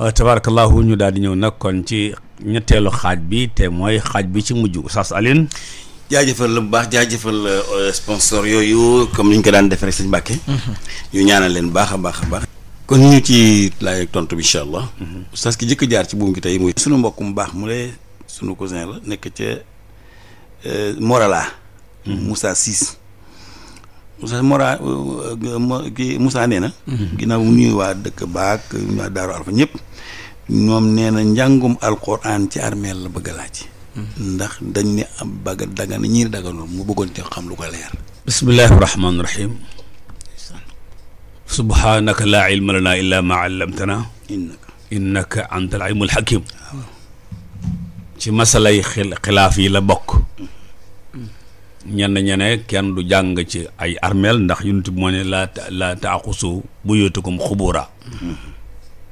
Euh, tabarakallahu ñu daal di ñëw nag kon ci ñetteelu xaaj bi te mooy xaaj bi ci mujj Oustaz Alioune jaajëfal la bu baax jaajëfal euh, sponsor yooyu comme ni ko daan defee rek sëñ Mbàkke mm-hmm. ñu ñaanal leen baax a baax a baax kon ñu ci laaj tontu bi incha allah mm-hmm. Oustaz ki jëkk jaar ci buum gi tey muy sunu mbokk mu baax mu ne suñu cousin la nekk ca euh, Morala mm-hmm. Moussa siis Oustaz Mora euh, euh, kii Moussa nee na. Mhm. ginnaaw mu waa dëkk baak waa ñoom nee na njàngum alquran ci armeel la bëgg a laaj. Mhm. ndax dañ ni am bëgg a dagan ñiir mu bëggoon ci xam lu ko leer. bismillahi rahmaani rahim. subhaanaka laa ilma lanaa illaa maa allamtanaa. innaka innaka anta al alimul hakim. ci masalay xilaaf yi la bokk. Mhm. ñenn ñene kenn du jàng ci ay armeel ndax yonent bi moo ne laa laa taaxusu buyutukum xubura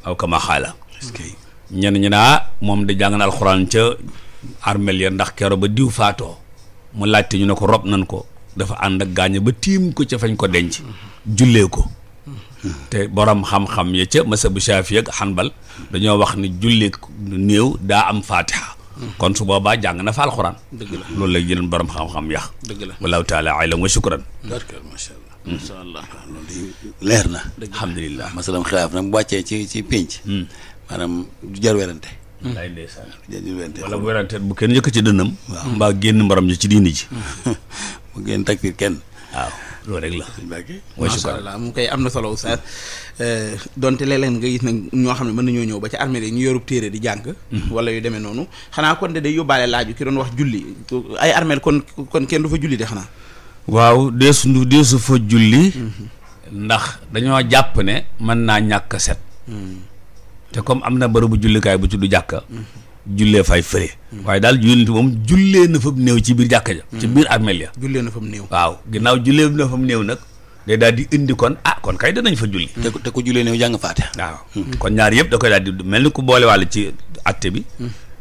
aw kama xaala ñenn ñene ah moom da jàng na alxuraan ca armeel ya ndax kero ba diw faatoo mu laajte ñu ne ko rob nan ko dafa ànd ak gaañe ba tiim ko ca fañ ko denc jullee ko te boroom xam-xam ya ca masa bu Shaafi ak Hanbal dañoo wax ne jullee néew daa am faatiha kon su boobaa jàng na fa alxuraan. dëgg la loolu la jëleen borom xam-xam yax. dëgg la wallahu taala alam wa shukran. d'accord macha allah. Mm. macha allah ah, loolu leer na. dëgg la alhamdulilah. masalam xilaaf nag mu wàccee ci ci pénc. Mm. maanaam du jar werante. Mm. lay ndeysaan du bu werante kenn yëkk ci dënnam. waaw mbaa génn mbaram ji ci diini ji. bu génn takfir kenn waaw. loolu rek la. macha allah mu koy am na solo oustaz euh, donte léeg-léeg nga gis nag ñoo xam ne mën nañoo ñëw ba ci armée yi ñu yorub téere di jàng. Mhm. wala yu demee noonu xanaa kon de day yóbbaale laaju ki doon wax julli ay armée kon kon kenn du fa julli de xanaa. waaw deesu du deesu fa julli. Mhm. ndax dañoo jàpp ne mën naa ñàkk set. Mhm. te comme am na bërëbu jullikaay bu ci du jàkka. jullee fay fëre waaye daal yonent moom jullee na fam néew ci biir jàkka ja ci mm. biir armeel ya jullee na fam néew waaw ginnaaw jullee na fam néew nag day daal di indi kon ah kon kay danañ fa julli mm. te te ko jullee néew jàng faate waaw mm. kon ñaar yëpp da koy mel ni ku boole wàll ci atte bi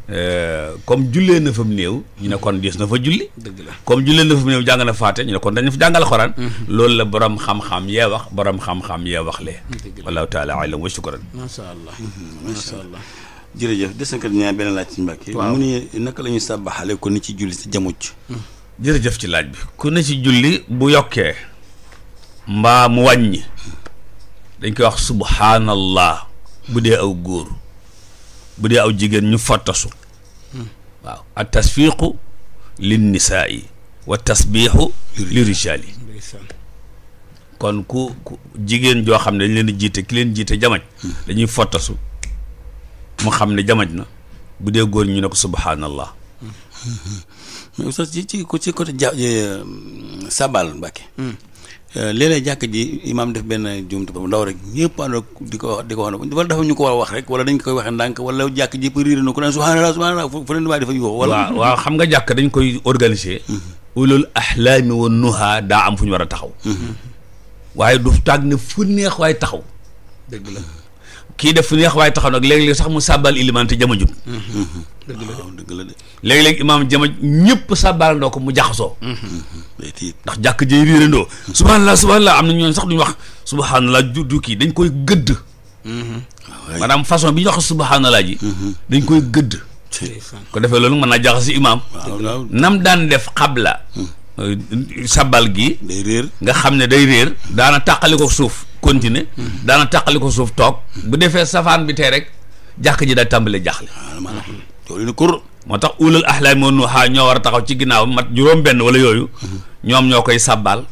euh, comme jullee na fa mu néew ñu ne kon diis na fa julli dëgg la comme jullee na fa mu néew jàng na faate ñu ne kon dañu fa jàngal xoraan loolu la borom xam-xam yee wax borom xam-xam yee wax le wallahu taala alam wa shukran jërëjëf des na kat ñaar benn laaj ci Mbàkke. waaw mu ni naka la ñuy sàbbaxale ko ni ci julli si jamucc jërëjëf ci laaj bi ku ne ci julli bu yokkee mbaa mu wàññi dañ koy wax subhaanallah bu dee aw góor bu dee aw jigéen ñu fottasu waaw at tasfiqu lin nisaa'i wa tasbiixu li rijaali kon ku ku jigéen joo xam ne dañ leen jiite ki leen jiite jamañ dañuy fottasu mu xam ne jamaj na bu dee góor ñu ne ko subhaanallah mais sax ci ci ci côté ja euh, sabal Mbàkke hmm. euh, léeg-léeg jàkk ji imaam def benn jumtu ba ndaw rek ñëpp ànd di ko wax di ko wax ne wala ñu ko wax rek wala dañ koy waxee ndànk wala jàkk ji pour riir na ku ne subhaanallah subhaanallah fu leen waay dafa yuuxoo wala waaw xam nga jàkk dañ koy organiser loolu hmm. ahlaami wa nuha daa am fu ñu war a taxaw hmm. waaye du tàgg ne fu neex waaye taxaw dëgg la kii def fu neex waaye taxaw nag léeg-léeg sax mu sàbbal ilimaan te jama jub mm-hmm. Mm-hmm. dëgg la de léeg-léeg imaam jama ñëpp sàbbaalandoo ko mu jaxasoo mm-hmm. ndax jàkk jëy réerandoo subhanallah subhanallah am na ñooñ sax duñu wax subhanallah ju du kii dañ koy gëdd ah, maanaam façon bi ñu wax subhanallah ji dañ koy gëdd ko defee loolu mën naa jaxasi imaam nam daan def xabla mm. sabal gi day réer nga xam ne day réer daana tàqali ko suuf continuer hmm. daana tàqali ko suuf toog hmm. bu defee safaan bi tey rek jàq ji day tàmbale jaaxle ah, maanaam kur moo tax ulal ahlaam moo nuhaa ñoo war a taxaw ci ginnaaw mat juróom benn wala yooyu hmm. ñoom ñoo koy sabbal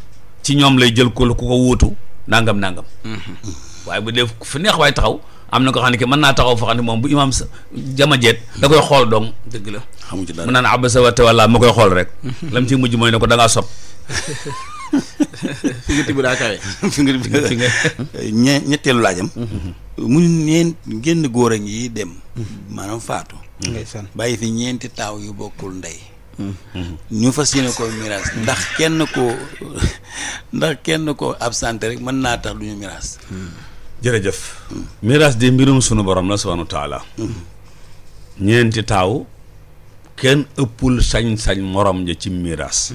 ci ñoom lay jël ku ko wuutu nangam nangam waaye bu def fu neex waaye taxaw am na ko xam ne ki mën naa taxaw foo xam ne moom bu imaam jama jeet la koy xool doom dëgg la xamu ci dara mu naan abasa wa tawalla ma koy xool rek lam ci mujj mooy ne ko da ngaa sob fi ñetteelu laajam mu ñeen génn góor a ngi dem maanaam faatu ndeysaan bàyyi fi ñeenti taaw yu bokkul ndey ñu fas yéene ko miraas ndax kenn ko ndax kenn ko absenté rek mën naa tax du miraas hmm. jërëjëf miraas di mbirum sunu borom la subhaanahu wa ñeenti taaw kenn ëppul sañ-sañ morom ja ci miraas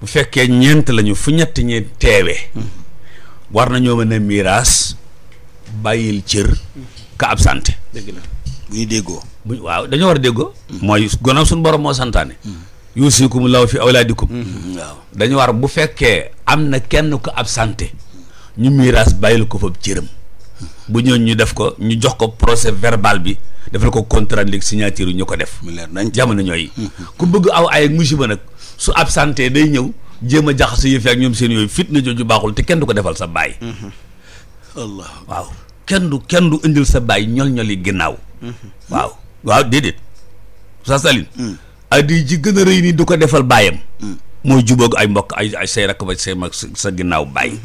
bu fekkee ñeent lañu fu ñett ñi teewee war nañoo mën a miraas bàyyil cër ka ab sante dëgg la bu déggoo waaw dañoo war a déggoo mooy gannaaw suñu borom moo santaane yuusikum law fi awlaadikum mm-hmm. waaw dañu war bu fekkee am na kenn ko ab ñu miiras bàyyil ko fa cëram bu ñëw ñu def ko ñu jox ko procès verbal bi defal ko contrat léegi signature ñu ko def. mu leer nañ jamono ñooy. Mm-hmm. ku bëgg aw ay musiba nag su absenté day ñëw jéem a jaxase yëf ak ñoom seen yooyu fitna jooju baaxul te kenn du ko defal sa baay. Mm-hmm. waaw kenn du kenn du indil sa baay ñol-ñoli ginnaaw. Mm-hmm. waaw waaw déedéet sa salin mm. addi ji gën a rëy nii du ko defal baayam. Mm. mooy jubóog ay mbokk ay ay say rakk ba sa ginnaaw baay.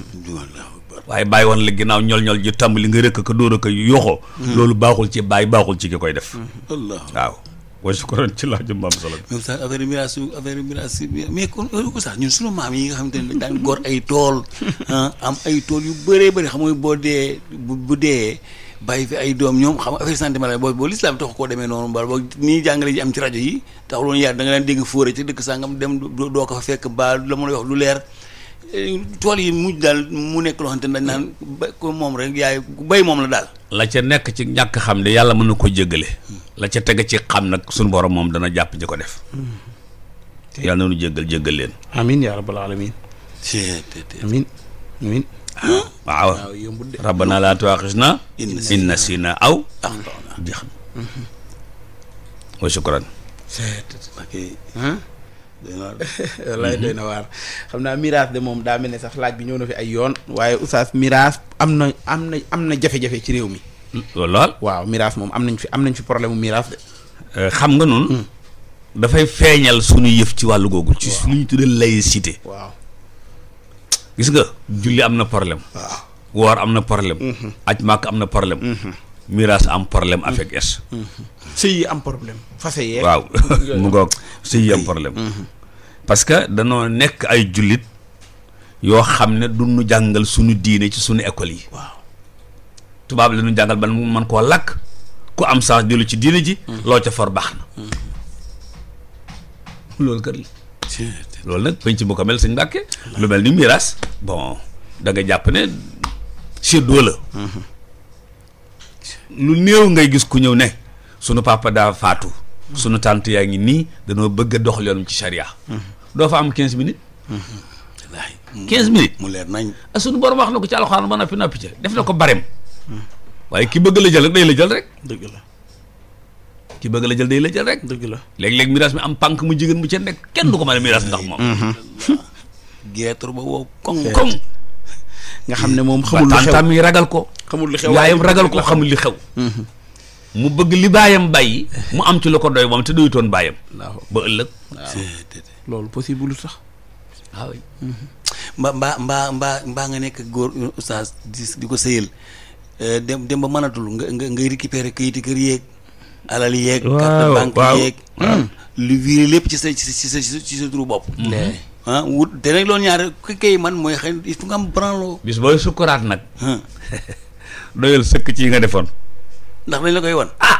waaye bàyyi woon la ginnaaw ñol-ñol ji tàmbali nga rëkk ko dóor a ko yoxoo hmm. loolu baaxul ci bàyyi baaxul ci ki koy def allah waaam su ko doon ci laaju maam solo même sax affaire maam yi nga xamante ne daan gor ay tool ah, am ay tool yu bëree bëri xam boo dee bu dee bàyyi fi ay doom ñoom xam affaire santé mala boo boo lislaam tax ko demee noonu ba boo nii jàngale ji am ci rajo yi tax loolu yaar da nga daan dégg fóore ci dëkk sàngam dem doo ko fa fekk ba la mun a tool yi mujj daal mu nekk loo xamante ne moom rek yaay bay moom la daal la ca nekk ci ñàkk xam ne yàlla mën na ko jéggale la ca teg ci xam nag suñu borom moom dana jàpp ñi ko def yàlla nañu jéggal jéggal leen amin ya rabbal alamin amin amin ah. rabbana laa tuwaaxisna in nasiina aw jeex na wallaay doy na waar xam naa miraas de moom daa mel ni sax laaj bi ñëw na fi ay yoon waaye oustaz miraas am na am na am na jafe-jafe ci réew mi lool waaw miraas moom am nañ fi am nañ fi problème mu miraas de euh, xam nga noonu hmm. dafay feeñal suñu yëf ci wàllu googu ci lu ñu tuddee laïcité waaw gis nga julli am na problème waaw woor am na problème hmm, hmm. aj màkk am na problème miraas am problème avec es yi am problème fase yee waaw mu ngoog sëy yi am problème mm-hmm. parce que danoo nekk ay jullit yoo xam ne du nu jàngal suñu diine ci suñu école yi waaw tubaab la ñu jàngal ban man koo lakk ku am chance dellu ci diine ji mm-hmm. loo ca for baax na mm-hmm. loolu kër loolu nag penc bu ko mel sëñ Mbàkke lu mel ni miraas bon da nga jàpp ne séddoo la lu néew ngay gis ku ñëw ne sunu papa daa faatu sunu tànt yaa ngi nii danoo bëgg a dox ci charia mm-hmm. doo fa am quinze minutes mm-hmm. wallaahi quinze minutes mu leer nañ ah, sunu borom wax na ko ci alxuraan ba noppi noppi ca def na ko barem mm-hmm. waaye ki bëgg la jël rek day la jël rek dëgg la bëgg la jël day la jël rek dëgg la léeg-léeg miraas mi am pànk mu jigéen mu ca nekk kenn du ko mën a miraas ndax moom geetur ba wow koŋ koŋ nga xam ne moom xamul lu xew tam yi ragal ko xamul lu xew yaayam ragal ko xamul li xew mhm. mu bëgg li baayam bàyyi mu am ci la ko doy moom te doyutoon baayam ba ëllëg loolu possible sax waaw ah mhm. mba mbaa mbaa mbaa mbaa nga nekk góor oustaz di di ko sëyal euh, dem dem ba mënatul nga nga ngay récupérer kayiti kër yeeg alal yeeg carte banque yeeg hmm. lu wiiri lépp ci sa ci sa ci sa turu bopp mhm. ah wut te nag loolu ñaar ku man mooy xëy il faut nga am branlo. bis booy sukkuraat nag. Ah. doyal sëkk ci yi nga defoon. ndax dañ la koy wan ah.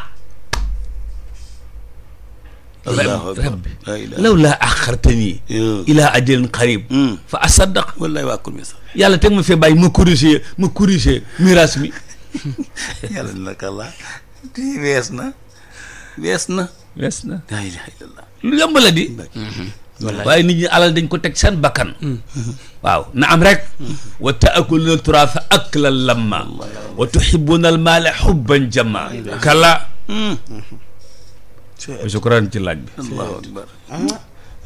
rabbi law laa axartani ilaa ajalin qarib hmm. fa asaddaq yàlla teg ma fee bàyyi ma corrigé ma corrigé miraas mi yàlla na ka la wees na wees na wees na lu yomb la di mm-hmm. waaye nit ñi alal dañ ko teg seen bakkan hmm. waaw na am rek hmm. wa taakuluna turaasa aklan lamma hmm. wa tuhibbuna al maala hubban jamma kala shukran ci laaj bi allahu akbar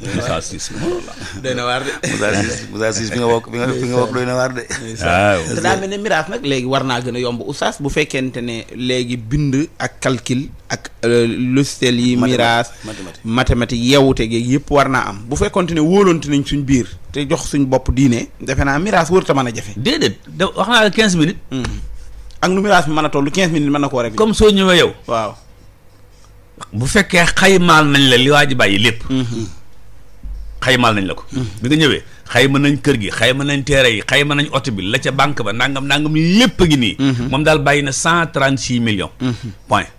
Moussa bi doy na waar de. Moussa Ciss Moussa Ciss bi nga bokk bi nga bokk doy na waar de. waaw ah, daa mel ne miraas nag léegi war naa gën a yomb oustaz bu fekkente ne léegi bind ak calcul ak euh, logiciel yi. miraas mathématique yeewute geeg yëpp war naa am bu fekkonte ne wóolonte nañ suñ biir te jox suñ bopp diine defe naa miraas wër ta mën a jafe. déedéet wax naa la quinze minutes. Hmm. ak mën a toll quinze minutes mën na koo comme soo ñëwee yow. waaw. bu fekkee xaymaal nañ la li waa ji bàyyi lépp. Hmm. xaymaal nañ la ko hmm. bi nga ñëwee xayma nañ kër gi xayma nañ teere yi xayma nañ oto bi la ca banque ba nangam nangam lépp a gi nii hmm. moom daal bàyyi na cent trente six millions hmm. point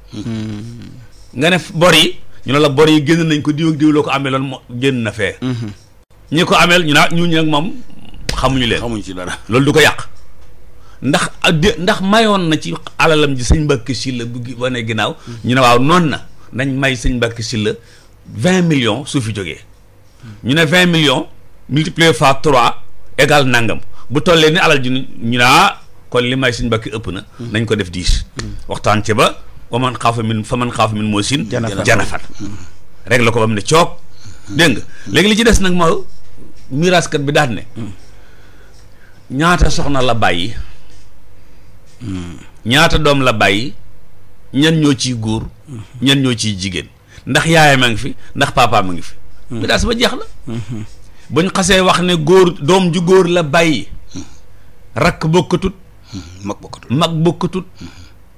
nga ne bor yi ñu ne la bor yi génn nañ ko diw ak ko amee loon moo génn na fee ñi ko ameel ñu naa ñu nag moom xamuñu leen xamuñu ci dara loolu du ko yàq ndax ndax mayoon na ci alalam sañ mbakk si la bu wane ginnaaw ñu ne waaw noon na nañ may sëñ si la vingt millions su fi jógee ñu ne vingt million multiplié par trois égal nangam bu tollee ni alal ji ñu ne ah kon li may suñ mbakki ëpp na nañ ko def dix waxtaan ci ba wa man xaafa min fa man xaafa min moo sin janafat rek la ko ba mu ne coog dégg nga léegi li ci des nag moo miraaskat bi daat ne ñaata soxna la bàyyi ñaata doom la bàyyi ñan ñoo ciy góor ñan ñoo ciy jigéen ndax yaayam a ngi fi ndax papa ma ngi fi miraas ba jeex na mm-hmm. buñ xasee wax ne góor doom ju góor la bàyyi mm-hmm. rakk bokkatut mm-hmm. mag bokkatut mag bokkatut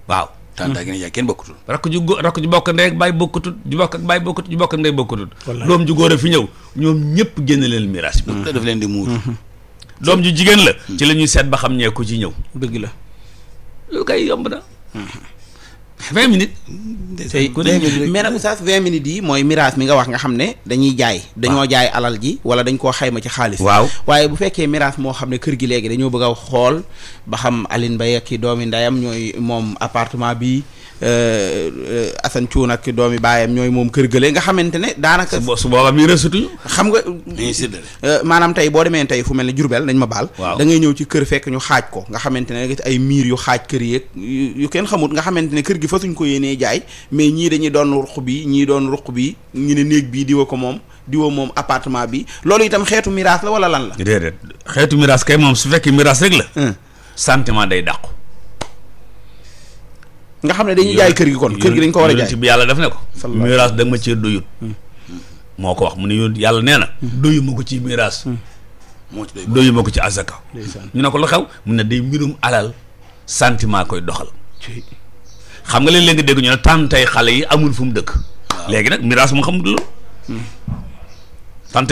waaw tàntaa gi ne yaa kenn bokkatul rakk ju góor rakk ju bokk ndey ak bàyyi bokkatut ju bokk ak bàyyi bokkatut ju bokk ak ndey bokkatut doom ju góor a fi ñëw ñoom ñëpp génn leen miraas bi daf leen di muur doom ju jigéen la ci la ñuy seet ba xam ñee ku ci ñëw dëgg la loolu yomb na vingt minutes. tey ku ne mais nag oustaz vingt minutes yi mooy miraas mi nga wax nga xam ne dañuy jaay. dañoo jaay alal ji wala dañ koo xayma ci xaalis. waaw waaye bu fekkee miraas moo xam ne kër gi léegi dañoo bëgg a xool ba xam Aline Mbaye ak doomi ndeyam ñooy moom appartement bi euh, Assane Thioune ak doomi baayam ñooy moom kër gële nga xamante ne daanaka. su boobaa mi rësatuñu. xam nga. Euh, maanaam tey boo demee tey fu mel ne Jurbel nañ ma baal. da ngay ñëw ci kër fekk ñu xaaj ko nga xamante ne ay miir yu xaaj kër yeeg yu kenn xamut nga xamante ne kër gi gi fasuñ ko yéenee jaay mais ñii dañu doon ruq bi ñii doon ruq bi ñu ne néeg bii diwa ko moom diwa moom appartement bi loolu itam xeetu miraas la wala lan la. kay moom su fekkee miraas rek la. sentiment day dàqu. nga xam ne dañuy jaay kër gi kon kër gi dañ ko war a jaay bi yàlla def ne ko miraas da nga ma cee doyut moo ko wax mu ne yoon yàlla nee na doyu ma ko ci miraas moo ci doyu ma ko ci azaka ñu ne ko lu xew mu ne day mbirum alal santiment koy doxal xam nga léeg-léeg nga dégg ñu ne tàntay xale yi amul fu mu dëkk. léegi nag miraas mu xamul hmm.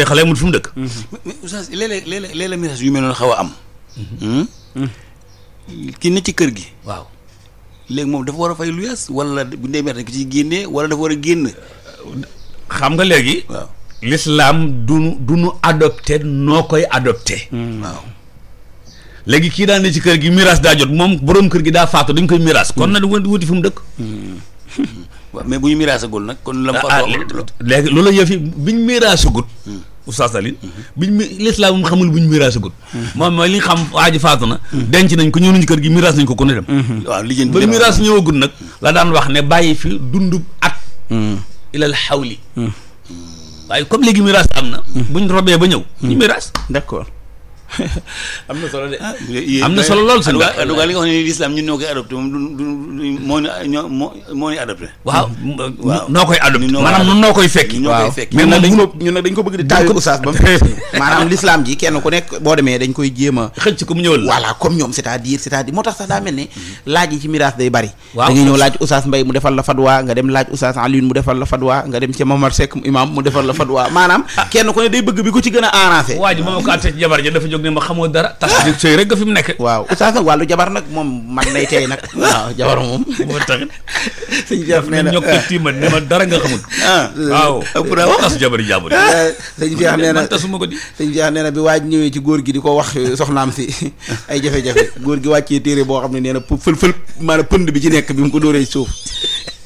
xale yi fu mu dëkk. Hmm. yu mel noonu xaw a am. Hmm. ci kër gi. waaw léegi moom dafa war a fay lu yas bu ñu demee dañ ko ciy wala war a génn. xam nga léegi. waaw l'islam du du adopté noo koy adopté. waaw. léegi kii daal ne ci kër gi miraas daa jot moom boroom kër gi daa faatu dañ koy miraas kon nag du wuti fu mu dëkk waaw nag kon lam fa ah, ah, léegi loolu yëf yi biñ miraasagut oustaz Alioune mhm. biñ mi lislaam moom xamul buñ miraasagut mhm. moom mooy li nga xam waa ji faatu na mhm. denc nañ ko ñëw nañ kër gi miraas nañ ko ku ne dem waaw lijjanti ba miraas ñëwagut nag la daan wax ne bàyyi fi dundub at ilal xawli waaye comme léegi miraas am na buñ robee ba ñëw ñu miraas d'accord am na solo de. Ah. am na solo lool seen. en tout cas li nga xam ne l'islam ñun noo koy adopté. maanaam ñun ko bëgg ji kenn ku nekk boo demee dañ koy jéem a. xëcc ko mu ñëwal la voilà comme ñoom c'est-à-dire c'est-à-dire moo tax sax daa mel ne mm-hmm. laaj yi ci miraas day bari. waaw ñëw laaj oustaz Mbaye mu defal la fadwa nga dem laaj oustaz Alioune mu defal la fadwa nga dem ca Mamar Seck imam mu defal la fadwa maanaam ah. kenn ku ne day bëgg bi ko ci gën a arrangé waa ji moom ko atte jabar ja dafa jóg ne ma xamoo dara tas jóg sëy rek nga fi mu nekk waaw oustaz nag wàllu jabar nag moom man nay tey nag waaw jabar moom moo taxit sëñ Cheikh nee na ñokk tii ma ne ma dara nga xamul ah. waaw ëpp na tas jabar yi jàmbur ah. sëñ ko di sëñ Cheikh nee bi waaj ñëwee ci góor gi di ko wax soxnaam si ay jafe-jafe góor gi wàccee téere boo xam ne nee na fël fël maanaam pënd bi ci nekk bi mu ko dóoree ci suuf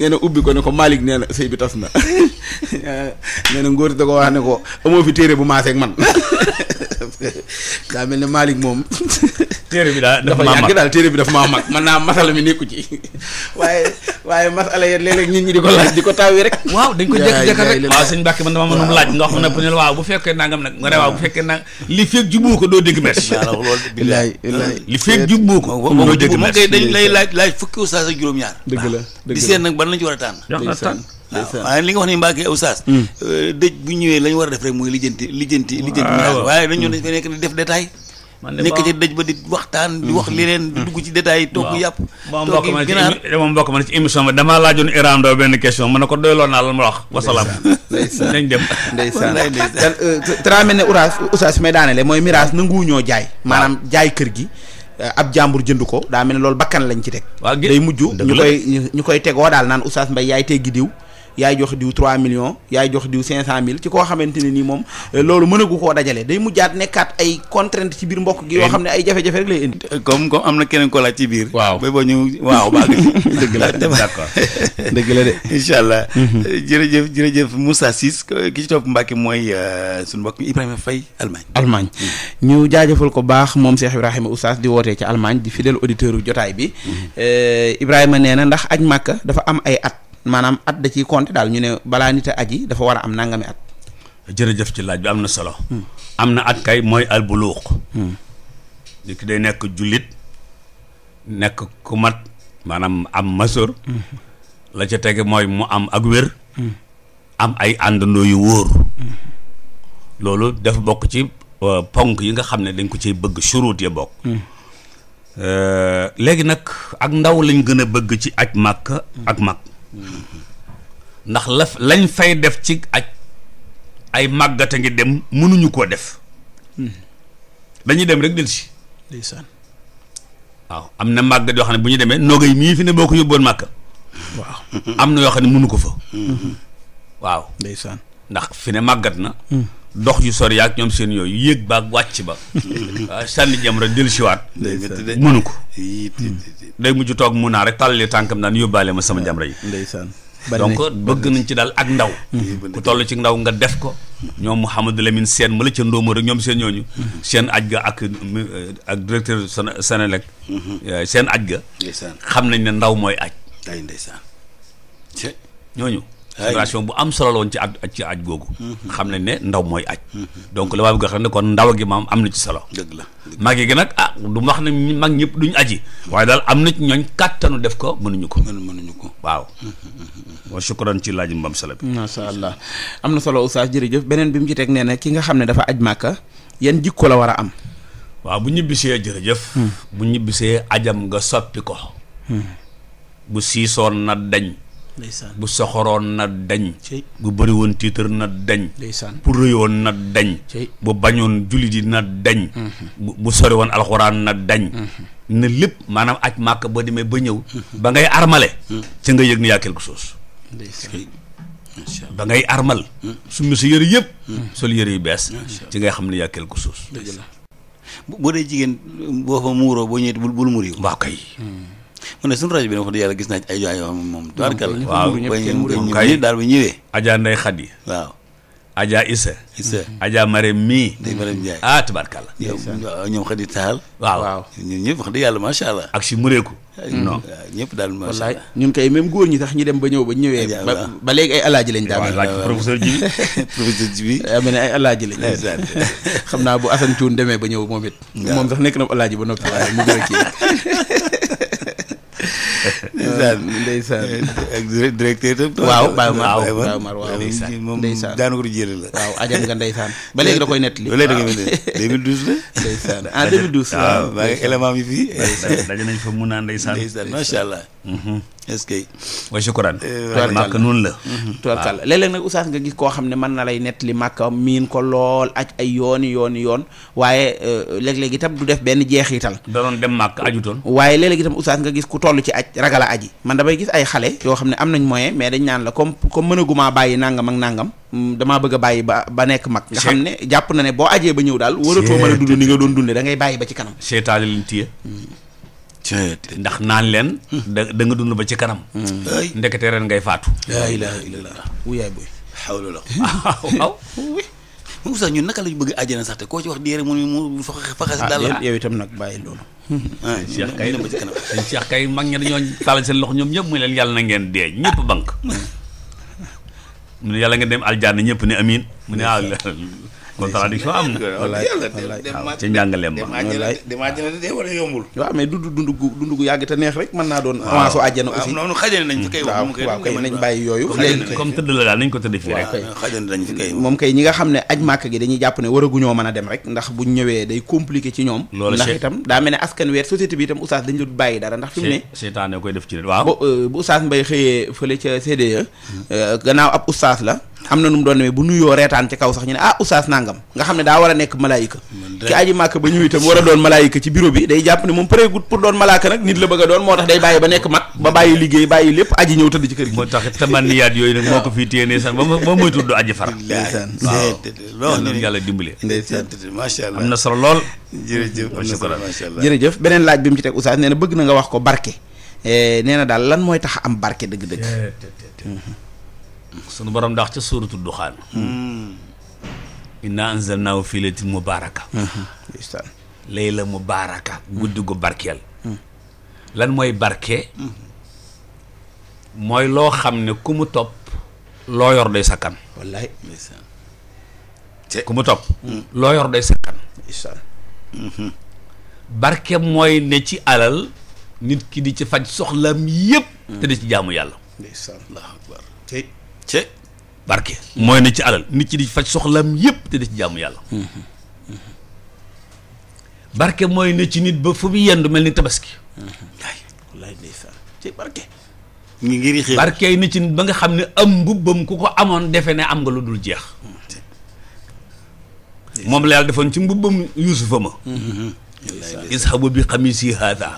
nee na ubbi ko ne ko Malick nee na sëy bi tas na nee na ngóor da ko ne ko amoo fi bu maaseeg man daa mel ne Malick moom. téere bi daal dafa yàgg daal téere bi dafa maa mag man naa masala mi nekku ci waaye waaye masala yéen léeg-léeg nit ñi di ko laaj di ko tawee rek. waaw dañ ko jékki-jékki rek waaw sëñ Mbacke man dama mënum laaj nga wax ma ne ko waaw bu fekkee nangam nag nga ne waaw bu fekkee nag li feeg jubbu ko doo dégg merci. li feeg jubbu ko doo dégg merci. moom kay dañ lay laaj laaj fukki ustaas ak juróom-ñaar. dëgg la kenn lañ ci war a tànn. waaye li nga wax ni Mbacke aw saas hmm. euh, dëj bu ñëwee lañ war a def rek mooy lijjanti lijjanti ah, lijjanti waaye dañ ñëw hmm. dañ fa nekk di def détail nekk ci dëj ba di waxtaan di wax hmm. leneen di dugg ci détail togg yàpp togg ginaar moom mbokk ma ne ci émission bi damaa laajoon irando benn question mën na ko doyloon naa la ma wax wasalaam nañ dem ndeysaan ndeysaan tra euh, mel ne oustaz oustaz fi may daanele mooy miraas nanguwu ñoo jaay maanaam jaay kër gi ab jàmbur jënd ko daa mel ne loolu bakkan lañ ci teg. day mujj ñu koy ñu koy tegoo daal naan Oustaz Mbaye yaay teggi diw yaay jox diw 3 millions yaay jox diw 500000 ci koo xamante ne nii moom euh, loolu mënagu koo dajale day mujjaat nekkaat ay contrainte ci biir mbokk gi yoo xam ne ay jafe-jafe rek lay indi. Euh, comme comme am na keneen ko laaj ci biir. waaw ba ba ñu waaw baax dëgg la de d'accord dëgg la de. incha allah. Mhm. Euh, jërëjëf jërëjëf Moussa Ciss ki ci topp Mbacke mooy suñu mbokk mi Ibrahima Faye Allemagne. Allemagne mhm. ñu jaajëfal ko baax moom Cheikh Ibrahima Oustaz di wootee ci Allemagne di fidèle auditeur jotaay bi. Mhm. Ibrahima nee na ndax aj Màkka dafa am ay at. maanaam at da ciy compter daal ñu ne balaa nit a aji dafa war a am nangami at. jërëjëf ci laaj bi am na solo. Hmm. am na at kay mooy albuluux. Hmm. nit ki day nekk jullit nekk ku mat maanaam am masor hmm. la ca tege mooy mu am ak wér. am ay àndandoo yu wóor. loolu def bokk ci euh, ponk yi nga xam ne dañ ko ciy bëgg suruut ya bokk. Euh, léegi nag ak ndaw lañ gën a bëgg ci aj màkk ak mag ndax la lañ fay def ci aj ay màggat a ngi dem mënuñu koo def dañuy dem rek dellusi ndeysaan waaw am na màggat yoo xam ne bu ñu demee noogay mii fi ne boo ko yóbboon màkk waaw am na yoo xam ne mënu ko fa mm-hmm. waaw ndax fi ne màggat na mm. dox yu sori yaak ñoom seen yooyu yéeg baag wàcc ba waaw sànni jam rek dellusiwaat mënu ko day mujj toog mun naa rek tàllali tànkam naan yóbbaale ma sama jamra yi ndeysaan donc bëgg nañ ci daal ak ndaw ku toll ci ndaw nga def ko ñoom Mouhamadou Lamine Sène ma la ci ndóoma rek ñoom seen ñooñu mm-hmm. seen aj ga ak euh, ak directeur Senelec mm-hmm. euh, seen aj ga xam nañ ne ndaw mooy aj ay ñooñu génération bu am solo la woon ci aj ci aj googu mm-hmm. xam nañ ne ndaw mooy aj mm-hmm. donc la waa bëgg xam ne kon ndaw gi maam am na ci solo dëgg la mag yi gi nag ah du wax ne mag ñëpp duñ aji mm-hmm. waaye daal am na ci ñooñ def ko mënuñu ko mënuñu ko waaw wa shukran ci laaj mbam solo bi macha allah am na solo oustaz jërëjëf beneen bi mu ci teg nee na ki nga xam ne dafa aj màkka yan jikko la war a am waaw bu ñibbisee jërëjëf mm. bu ñibbisee ajam nga soppi ko mm. bu siisoon na dañ bu soxoroon na dañ bu bëri woon tiitar na dañ bu rëyoon na dañ bu bañoon jullit yi na dañ mm-hmm. bu sori woon alxuraan na dañ mm-hmm. na lépp maanaam aj màkk boo demee ba ñëw mm-hmm. ba ngay armale mm. ci nga yëg ni yaa quelque chose ba ngay armal mm. summi si yëre yëpp mm. sol yëre yu bees ci ngay xam ni yaa quelque chose boo dee jigéen boo fa muuroo boo ñëwee bul bul muriw waaw kay mu ne suñu rajo bi nag wax dëgg yàlla gis naa ci ay jox yoo moom tubaarkal waaw daal bu ñëwee Adja Ndeye Khady waaw Adja Issa Issa Adja mii day Marème Ndiaye ah tubaarkal yow ñoom Taal waaw ñun ñëpp wax yàlla macha allah ak si mureeku non ñëpp daal macha allah ñun kay même góor ñi tax ñu dem ba ñëw ba ñëwee ba léegi ay alaaji lañ daal laaj ay alaaji lañ xam naa bu Assane Thioune demee ba ñëw moom it moom sax nekk na alaaji ba noppi waaye mu gën a kii ndeysaan ndeysaan ak directeur tam waaw Baye Mar waaw Baye Mar waaw moom daanaka du jële la waaw ajam nga ndeysaan ba léegi da koy nettali ba léegi da koy nettali 2012 la ndeysaan en 2012 waaw maa ngi élément bi fii daje nañ fa mun naa ndeysaan ndeysaan macha allah Mm-hmm. est-ce que. wa shukran. màkk noonu la. Mm-hmm. Mm-hmm. tubarkàlla léeg-léeg nag oustaz nga gis koo xam ne mën na lay nettali màkka miin ko lool ay yooni yooni yoon waaye euh, léeg-léeg itam du def benn jeexital. da doon dem màkk ajutoon. waaye léeg-léeg itam oustaz gis ku toll ci aj ragal a aji man gis ay xale. yoo xam ne am nañ moyen mais dañ naan la comme comme mënagumaa bàyyi nangam ak nangam. Mm, damaa bëgg bàyyi ba ba nekk mag. nga xam ne jàpp na ne boo ajee ba ñëw daal. waratoo mën a dund ni nga doon dundee da bàyyi ba ci kanam. seetaane liñ tiye mm. ndax naan leen hmm. da nga dund ba ci kanam hmm. ndekete ren ngay faatu laa ilaha illallah wu yaay booy xawla la waaw moom sax ñun naka la ñu bëgg àjjana sax te koo ci wax diere mu mu faxas ah, daal yow itam nag bàyyi loolu hmm. ah Cheikh kay dañ Cheikh kay mag ña dañoo tàllal seen loxo ñoom ñëpp muy leen yàlla na ngeen dee ñëpp bank mu ne yàlla ngeen dem aljanna ñëpp ne amin mu ne ah contradiction am na wallaay wallaay ci ma wallaay mais dund dund gu dund gu yàgg te neex rek mën naa doon avance u àjjana aussi noonu xajane nañ ci kay waaw yooyu léegi comme tëdd la daal nañ ko tëdd fii rek xajane nañ ci kay moom kay ñi nga xam ne aj màkk gi dañuy jàpp ne waraguñoo mën a dem rek ndax buñ ñëwee day compliqué ci ñoom ndax itam daa mel ne askan weer société bi itam oustaz dañ dul bàyyi dara ndax fi ne seytaane koy def ci waaw bu euh, oustaz mbay xëyee fële ca CDE hmm. euh, gannaaw ab oustaz la am na nu mu doon demee bu nuyoo reetaan ci kaw sax ñu ne ah oustaz nangam nga xam ne daa war a nekk malaayika ki aji màkk ba ñëw bi day jàpp ne moom pareegut pour doon malaaka nag nit a doon moo tax day bàyyi ba nekk mat ba bàyyi liggéey bàyyi lépp aji ñëw na solo lool jërëjëf macha allah beneen laaj bi mu ci teg oustaz nee na bëgg na nga wax ko barke eh, nee na daal lan mooy tax am barke dëgg-dëgg eh, mhm. sunu borom ndax ca suuratu duxaan hmm. inna anzalnaahu fii laylatin mubaaraka hmm. layla mubaaraka hmm. guddi gu barkeel lan mooy barke mooy loo xam ne ku mu topp loo yor day sakkan wallaay mu topp loo yor day sakkan barke mooy ne ci alal nit ki di ci faj soxlam yëpp te di ci jaamu yàlla ci barke mooy ne ci alal nit ci di faj soxlam yépp te di ci jaamu yàlla mm-hmm. Mm-hmm. barke mooy ne ci nit ba fu mu yendu mel ni tabaski wallaay mm-hmm. wallaay ndeysaan ci barke yi nit nit ba nga xam ne am mbubbam ku ko amoon defe ne am nga lu dul jeex moom la yàlla defoon ci mbubbam yuusufa ma ishabu bi xamisi haada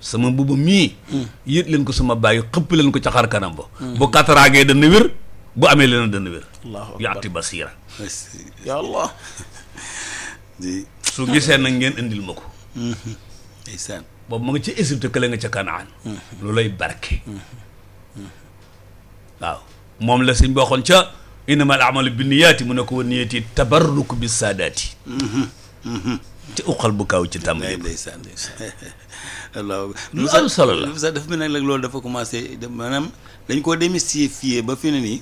sama mbubb mii hmm. yët leen ko sama bàyyi xëpp leen ko ca xar kanam ba bu kataraagee dana wér bu amee leen dana wér yaati basiira ya allah ngeen indil ma ko hmm. ndeysaan boobu ma nga ca Égypte kële nga ca Kanaan hmm. loolay barke waaw moom la sëñ boo xoon ca innamal amalu binniyaati mu ne ko wa niyyati tabarruk bi saadaati ci uqal bu kaw ci tàmm yëpp ndeysaan waaw lu am solo la sax dafa mel nag loolu dafa commencé maanaam dañ koo démystifier ba fi ne nii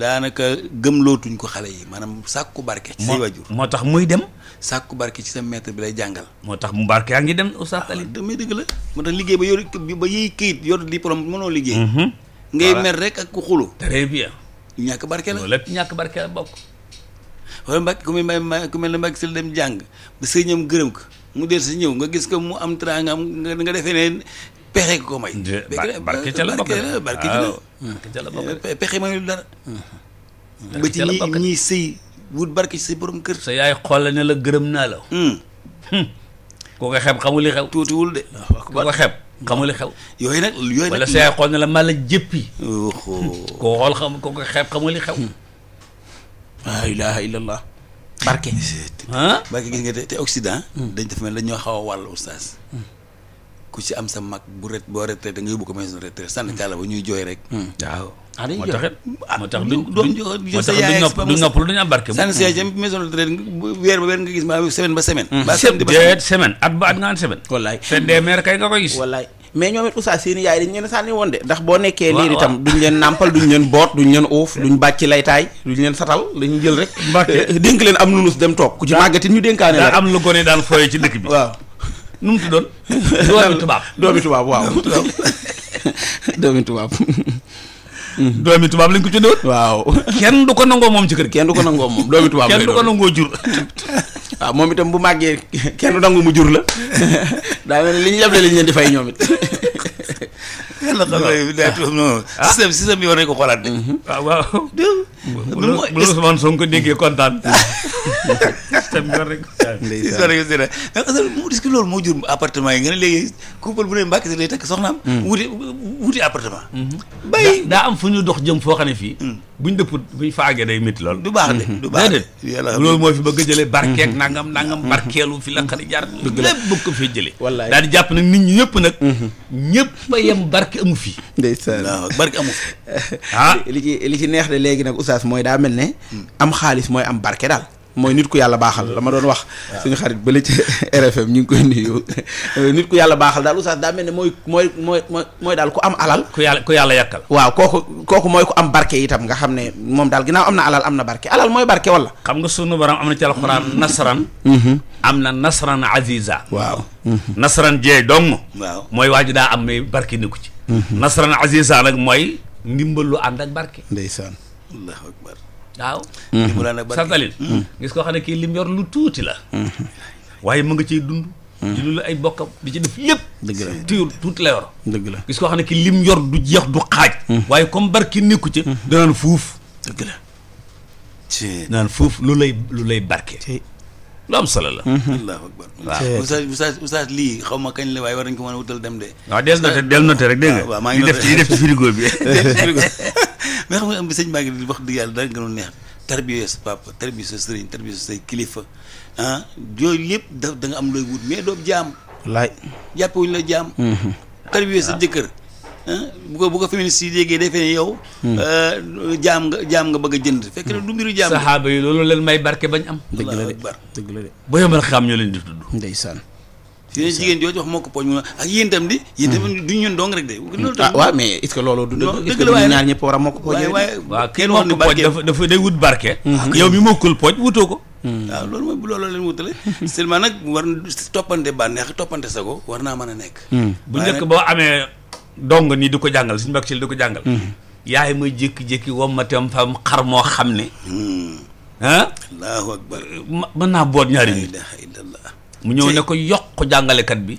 daanaka gëm lootuñ ko xale yi maanaam sàkku barke ci say wajur moo tax muy dem sàkku barke ci sa maître bi lay jàngal moo tax mu barke yaa ngi dem Oustaz Ali damay ah, dëgg la moo tax liggéey ba yor ba yëy këyit yor diplôme mënoo liggéey mhm. ngay mer rek ak ku xulu très bien ñàkk barke la loolu lépp ñàkk barke la bokk wala Mbacke ku muy may ku mel ne Mbacke si la jàng ba sëñam gërëm ko mu del si ñëw nga gis ko mu am teraanga am nga defee pexe ko may. la bokk la barke ca la bokk pexe mayul dara. ba wut barke ci sa borom kër. sa yaay xool ne la gërëm naa la. Hmm. Hmm. ku xamul li xew. tuutiwul de. ku ko xeeb xew. yooyu nag yooyu nag wala sa yaay xool ne la maa la jëppi. koo xool xam ku ko xeeb xamul li xew. Hmm. laa ilaha illa allah barke ah barke gis nga te te Occident hmm. dañ def mel dañoo a wàll oustaz hmm. ku ci am sa mag bu ret boo retraité nga yóbbu ko maison de retraite sànni càlla hmm. ba ñuy jooy rek waaw ah dañuy jooy ah, moo tax duñ duñ moo tax duñ lu dañu am barke sànni sa yaay ba weer ma ba semaine at ba at nga an semaine wallaay seen meer kay nga koy gis mais ñoom it oustaz seen yaay dañ leen sànni woon de ndax boo nekkee liir itam duñ leen nàmpal duñ leen boot duñ leen uuf duñ bàcc laytaay duñ leen satal dañuy jël rek eh, eh, dénk leen am nunus dem toog ku ci màggatin ñu dénkaane la am lu gone daan fooye ci dëkk bi waaw nu mu tuddoon doomi tubaab doomi tubaab waaw doomi tubaab Mm-hmm. doomi tubaab lañ ko tudde waaw kenn du ko nangoo moom ci kër kenn du ko nangoo moom doomi tubaab kenn du ko nangoo jur waaw moom itam bu màggee kenn du nangu mu jur la daa mel ne li ñu leble li ñu leen di fay ñoom yàlla xam ne daa tuuti non. Ah. système système bi war nañu ko xoolaat de. Mm-hmm. Ah, waaw waaw. loolu mooy loolu Ousmane Sonko déggee kontaan. Ah. système bi war nañu ko. ndeysaan est-ce que loolu moo jur appartement yi nga ne léegi couple bu ne Mbàkke si day takk soxnaam. Mm. wuti wuti appartement. Mm-hmm. bàyyi daa am fu ñu dox jëm foo xam ne fii. Mm. buñ dëpp buñ faagee day métti lool. du baax de mhm. du baax de loolu moo fi bëgg a jëlee mhm. barkeek nangam nangam mhm. barkeelu fi la xale jaar. dëgg lépp bëgg ko fee jëlee. wallaay daal di jàpp nag nit ñi ñëpp nag. ñëpp a yem barke amu fi. ndeysaan waaw amu fi. ah li ci li ci neex de léegi nag oustaz mooy daa mel ne. Hmm. am xaalis mooy am barke daal. mooy nit ku yàlla baaxal la ma doon wax suñu xarit bële ci RFM ñu ngi koy nuyu euh, nit ku yàlla baaxal daal oustaz daa mel ne mooy mooy mooy mooy mooy daal ku am alal ku yàlla ku yàlla yàkkal waaw kooku kooku mooy ku am barke itam nga xam ne moom daal ginnaaw am na alal am na barke alal mooy barke wala xam nga sunu borom am na ci alxuraan mm-hmm. nasran mm-hmm. am na nasran aziza waaw mm-hmm. nasran jeey dong waaw mooy waaju daa am may barke ni ko ci nasran aziza nag mooy ndimbalu ànd ak barke ndeysaan allahu akbar waaw. dimbalaa ak santalin gis koo xam ne kii lim yor lu tuuti la. Mhm. waaye mu nga ciy dund. Mhm. di lu ay bokkam di ci def lépp. dëgg tuuti lay yor. dëgg la gis koo xam ne kii lim yor du jeex du xaaj. Mhm. waaye comme barki nekku ci. danaan fuuf. naan fuuf lu lay lu lay barke. lu am solo la. allahu akbar. waaw oustaz oustaz oustaz lii xaw ma kañ la waaye war nañ ko mën a wutal dem de. waaw del noté del noté rek dégg nga. waaw maa ngi def ci def ci frigo bi. mais xam nga am bi sëñ maa ngi di wax dëgg yàlla dara nga doon neex tarbiye sa papa tarbiye sa sëriñ tarbiye sa say kilifa ah yooyu lépp da da nga am looy wut mais doob jaam. wallaay jàppewuñu la jaam. Mm-hmm. tarbiye sa jëkkër. Ah, bu ko bu ko féministe yi déggee defee ne yow. Mm. Ah, jaam nga jaam nga bëgg jënd. fekk na du mbiru jaam. saxaaba yi loolu leen may barke bañ am. dëgg la de dëgg la de. boo yombal ñoo leen di tudd. ndeysaan. si ne jigéen jox wax moo ko poñ mu ak ah, yéen di yéen tam hmm. du ñun dong rek de hmm. loolu tam ah, waaw mais est-ce que loolu du dëgg est-ce que ñëpp war a moo ko poñ waaw kenn wax ni barke dafa dafa day wut barke hmm. ah, yow mi mokkul poñ wutoo ko waaw loolu mooy bu looloo leen wutale seulement nag war toppante bànneex toppante ko war naa mën a nekk bu njëkk boo amee dong nii du ko jàngal suñu mbokk si di ko jàngal yaay ma jékki-jékki wommatam fam xar moo xam ne ah allahu akbar mu ñëw ne ko yokk jàngalekat bi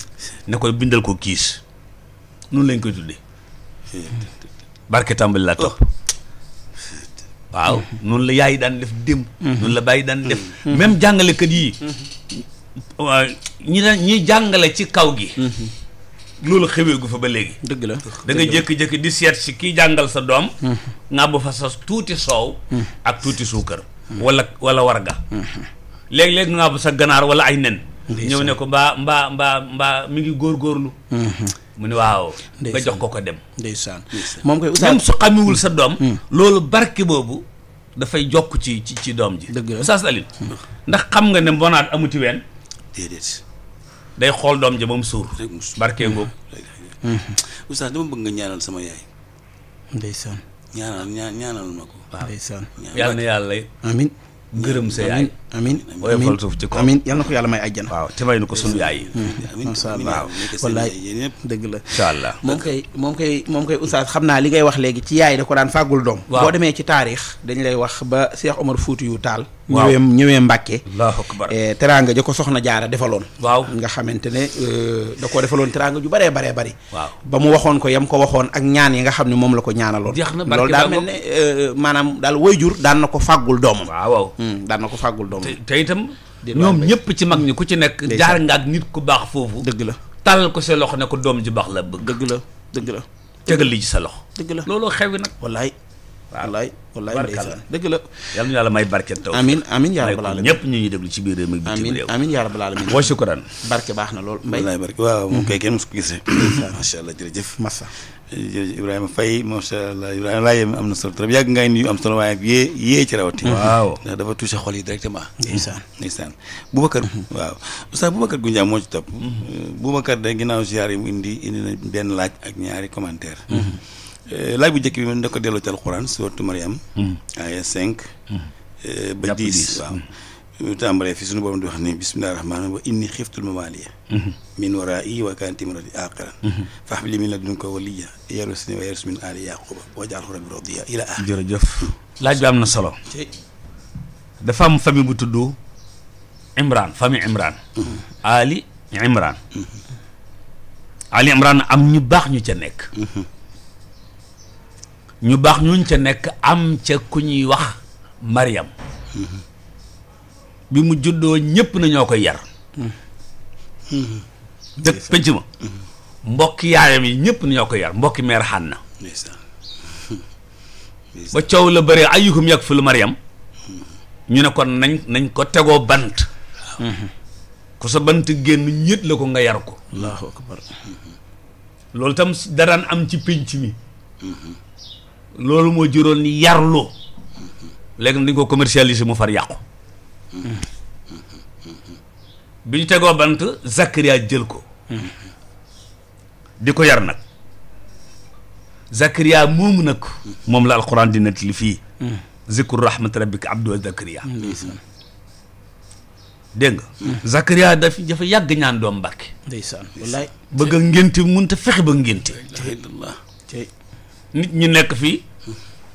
ne koy bindal ko kiis noonu lañ koy tuddee barke tàmbali laa topp oh. waaw noonu la yaay daan def démb mm-hmm. noonu la bàyyi daan def mm-hmm. même jàngalekat yii mm-hmm. waaw ñi daan ñi jàngale ci kaw gi loolu xewee gu fa ba léegi dëgg la da di seet si kiy jàngal sa doom ŋàbb fa sa tuuti soow ak tuuti suukar wala wala warga léeg-léeg ŋàbb sa ganaar wala ay nen ñëw ne ko mbaa mbaa mbaa mbaa mi ngi góorgóorlu mhm. mu ne waaw nga jox ko ko dem ndeysaan moom koy même su xamiwul sa doom mm. loolu barke boobu dafay jokk ci ci ci doom ji dëgg la Oustaz mm. ndax xam nga ne mbonaat amuti ween déedéet day xool doom ji ba mu suur barke ngóob mm. mm-hmm. Oustaz dama bëgg nga ñaanal sama yaay ndeysaan ñaanal ñaanal ma yàlla na ngërëm sa yaay. amin amin suuf ci yal na ko yàlla may àjjana. waaw te may na ko sunu yaay. Mm. macha allah wallaay yëpp dëgg la. incha allah moom koy moom koy moom koy oustaz xam naa li ngay wax léegi ci yaay da ko daan fàggul doom. boo demee ci taarix dañu lay wax ba Cheikh Omar Foutiyou taal waaw ñëwee ñëwee Mbàkke. allahu akbar eh, teraanga ja ko soxna jaara defaloon. waaw nga xamante ne eh, da koo defaloon teraanga ju baree baree bari. waaw ba mu waxoon ko yam ko waxoon ak ñaan yi nga xam ne moom la ko ñaanaloon. jeex na loolu daa mel ne eh, maanaam daal wayjur daan na ko fàggul doomam. waaw hmm, daan na ko fàggul doomam. te itam. ñoom ñëpp ci mag ñi ku ci nekk. jaar nga ak nit ku baax foofu. dëgg la tàllal ko sa loxo ne ko doom ju baax la bëgg. dëgg la dëgg la. tegal li ci sa loxo. dëgg la looloo xewi nag wallaay wallaay wallaay ndeysaan dëgg la yal yàlla may barke taw amin amin ñëpp ñu ñuy déglu ci biir réew mi bitim wa shukran barke baax na lool mbay wallaay barke waaw moom kay kenn mos ko gisee macha Ibrahima Faye macha allah Ibrahima am na solo trop yàgg nga indi am solo waaye yee yee ci rawati waaw ndax xol yi directement mm-hmm. ndeysaan ndeysaan Boubacar mm-hmm. waaw oustaz Boubacar moo ci topp mm-hmm. Boubacar da ginnaaw ziar yi mu indi indi na benn laaj ak ñaari commentaire Euh, laaj bu njëkk bi man da ko delloo ci alxuraan suratu Mariam. Hmm. aaya cinq. Hmm. Euh, ba dix waaw. Hmm. ñu tàmbalee fi suñu borom di wax ni bismillahi rahmaani wa inni xiftul mamaaliya min waraa'i wa kaanat imratii aaqiran fahab lii min ladunka waliyyan yarithuni wa yarisu min aali yaquuba waj'alhu rabbi radiyyan ila aaxir jërëjëf laaj bi am na solo dafa am famille bu tudd Imran famille Imran Ali Imran Ali Imran am ñu baax ñu ca nekk ñu baax ñuñ ca nekk am ca ku ñuy wax Mariam bi mu juddoo ñépp nañoo koy yar dëkk penc ma mbokki yaayam yi ñépp na ñoo koy yar mbokki meer xànna ba coow la bëree ayyukum yakfulu Mariam ñu ne kon nañ nañ ko tegoo bant ku sa bant génn ñét la ko nga yar ko loolu tam daraan am ci pénc mi loolu moo juróon yarloo léegi ni ko commercialiser mu far yàqu bi ñu tegoo bant Zakaria jël ko di ko yar nag Zakaria moomu nag moom la alquran di nett li fii zikru rahmat rabbika abdu Zakaria dégg nga Zakaria daf dafa yàgg ñaan doom Mbàkke ndeysaan wallaay bëgg a ngénti mënut a fexe ba ngénti nit ñu nekk fii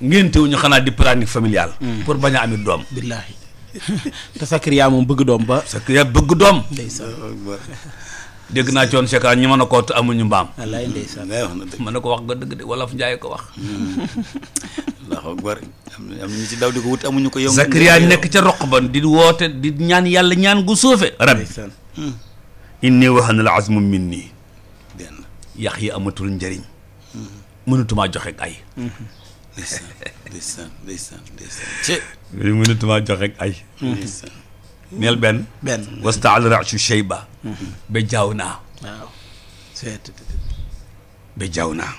ngéntewuñu xanaa di planning familial. Mm. pour bañ a amit doom. billaahi te Sakariya moom bëgg doom ba. Sakariya bëgg doom. dégg naa coon sekaan ñu man a kootu amuñu mbaam. wax na mën na ko wax nga dëgg de wolof njaay ko wax. Mm. allahu akbar am ñu ko wut amuñu ko. yomb nekk ca roq ba di woote di ñaan yàlla ñaan gu suufe rabbi inni waxana al azmu nii yax yi amatul njëriñ. Mm. mënatumaa joxe ay ndeysaan ndeysaan ndeysaan ndeysaan ci mënatuma jox rek ay ndeysaan neel benn benn wastaal rachu sheyba mhm. ba jaaw naa waaw seet ba jaaw naa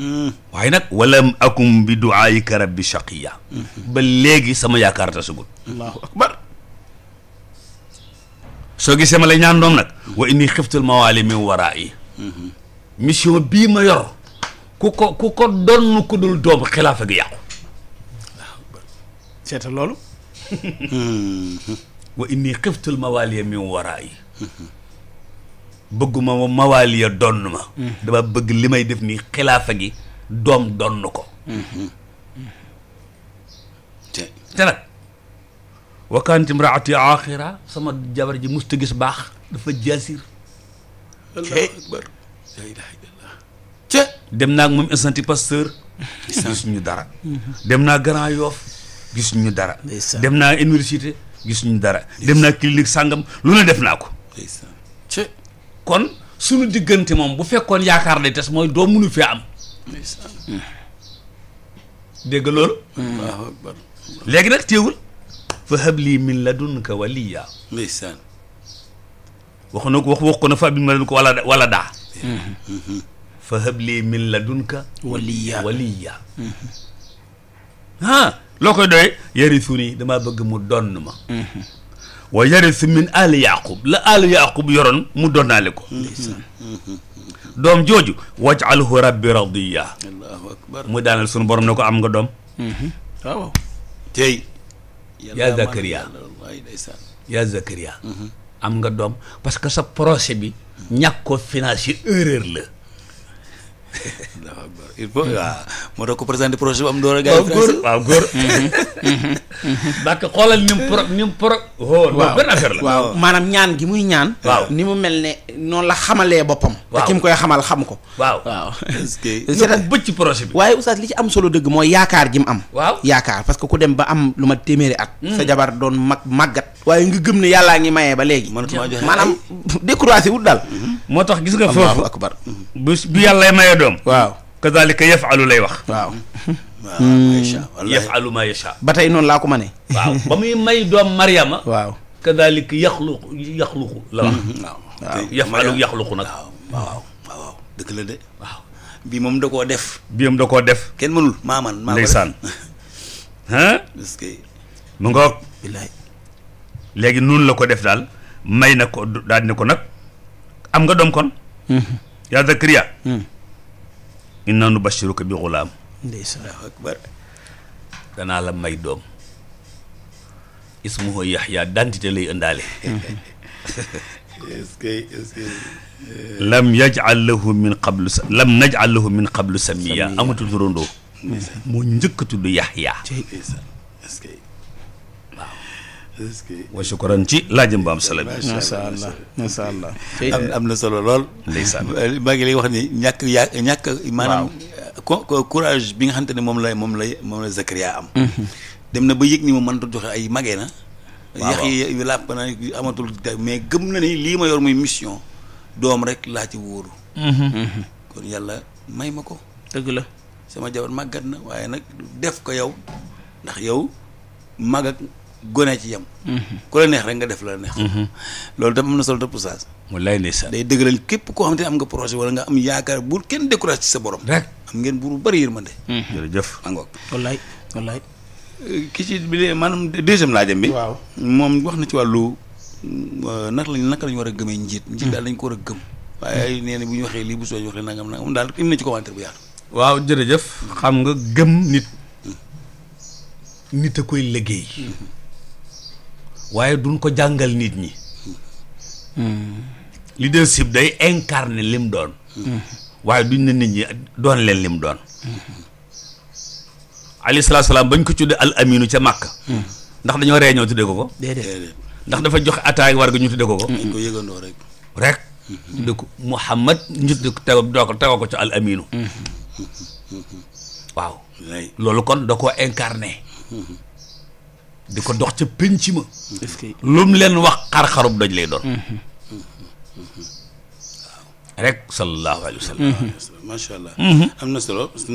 mhm. waaye nag walam akum bi duaayika rabbi shaqiya mhm. ba léegi sama yaakaar tasugul allahu akbar soo gisee ma lay ñaan doom nag wa inni xiftul mawaali min waraa yi mission bii ma yor ku ko ku ko donn ku dul doom xilaafa gi yàqu waaw seeta loolu wa inni xiftul mawaaliya min waraayi bëgguma mawaaliya donn ma dama bëgg li may def nii xilaafa gi doom donn ko te nag wa kaanat imraati aaxira sama jabar ji musta gis baax dafa jaasir allahu dem naa ak moom Institut Pasteur. gisuñu dara. dem naa Grand Yoff gisuñu dara. dem naa université gisuñu dara. dem naa clinique sàngam lu ne def naa ko. ci kon suñu diggante moom bu fekkoon yaakaar lay tes mooy doo mënu fee am. dégg loolu. léegi nag téewul fa hab lii min ladunka waliya. wax na ko wax wax ko na fa bi ma leen ko wala wala daa. Mm-hmm. Mm-hmm. fa hablii min ladunka waliya waliya mm-hmm. ah loo koy doyee yarisu nii damaa bëgg mu donn ma mm-hmm. wa yarisu min ali yaqub la ali yaqub yoroon mu donnaale ko mm-hmm. doom jooju waj'alhu rabbi radiya allahu akbar mu daanal suñu borom ne ko am nga doom ah, waaw tey yaa Zakaria yaa Zakaria am nga doom parce que sa projet bi ñàkk ko financé erreur la waaw il faut waaw moo tax ko présenté projet bi am door a. gars yi góor waaw góor. parce que xoolal ni mu pro ni mu pro. waaw benn waaw maanaam ñaan gi muy ñaan. waaw ni mu mel ne noonu la xamalee boppam. waaw ki mu koy xamal xam ko. waaw waaw. est ce que bëcc projet bi. waaye oustaz li ci am solo dëgg mooy yaakaar ji mu am. waaw yaakaar parce que ku dem ba am lu ma téeméeri at. Mm. sa doon mag màggat. waaye nga gëm ne yàllaa ngi mayee ba léegi. mënatumaa joxe maanaam découragé wut daal. moo tax gis nga foofu. allahu akbar bu bu yàlla mayee doom. waaw kazalika yafalu lay wax. waaw. waaw hmm. yafalu ba tey noonu laa ko mënee. waaw ba muy may doom Mariama. waaw kazalika yaxluqu yaxluqu la wax. bii moom da koo def. bii moom da koo def. kenn mënul maa man maa ko mu ngoog. billaay. léegi la ko def daal may na ko daal ko nag am nga doom kon. Hmm. yaa Zakariya. Hmm. inna nu bashiruka bi xulaam ndeysaan akbar danaa la may doom ismuhu yaxya dantité lay ëndaale est-ce que est-ce que euh, lam yajal lahu min qablu lam najal lahu min qablu samiya amatul turandoo moo njëkk tudd yaxya est-ce que wa shukran ci laajëm bu am solo bi macha allah macha allah am na solo lool ndeysaan maa ngi lay wax ni ñàkk yaa ñàkk maanaam courage bi nga xamante ne moom la moom la moom la Zakaria am mhm. dem na ba yëg ni moom mënatu joxe ay magee na yax yi làpp na amatul mais gëm na ni lii ma yor mhm. Mhm. kon yàlla may ma ko dëgg la sama jabar màggat na waaye nag def ko yow ndax yow mag ak gone ci yem. Mhm. ku la neex rek nga def la neex. Mhm. loolu tam am na sol de poussage. wallaay ndeysaan day dëgëral képp koo xam am nga projet wala nga am yaakaar bu kenn décourage ci sa borom. rek am ngeen buur bu bëri yërmande. Mhm. jërëjëf Angok. wallaay wallaay. Euh, ki ci bi maanaam deuxième laajam bi. waaw moom wax na ci wàllu euh, naka lañ naka lañ war a gëmee njiit. njiit daal dañ ko a gëm. waaye nee na bu ñu waxee lii bu sooy waxee nangam nangam daal indi na ci commentaire bu yaatu. waaw jërëjëf. xam nga gëm nit. nit a koy liggéey. waaye duñ ko jàngal nit ñi li leadership day incarner lim doon waaye duñ ne nit ñi doon leen lim doon alayhi salaatu salaam bañ ko tuddee al aminu ca màkk ndax dañoo reeñoo tuddee ko ko déedéet ndax dafa jox attaay war ga ñu tuddee ko ko rek rek tuddee ko Muhammad ñu tuddee ko teg ko ca al aminu mm-hmm. waaw loolu kon da koo incarner di ko dox ca penc ma. lu mu leen wax xar-xarub doj lay doon. Mhm. rek sallallahu mhm. allah. Mhm.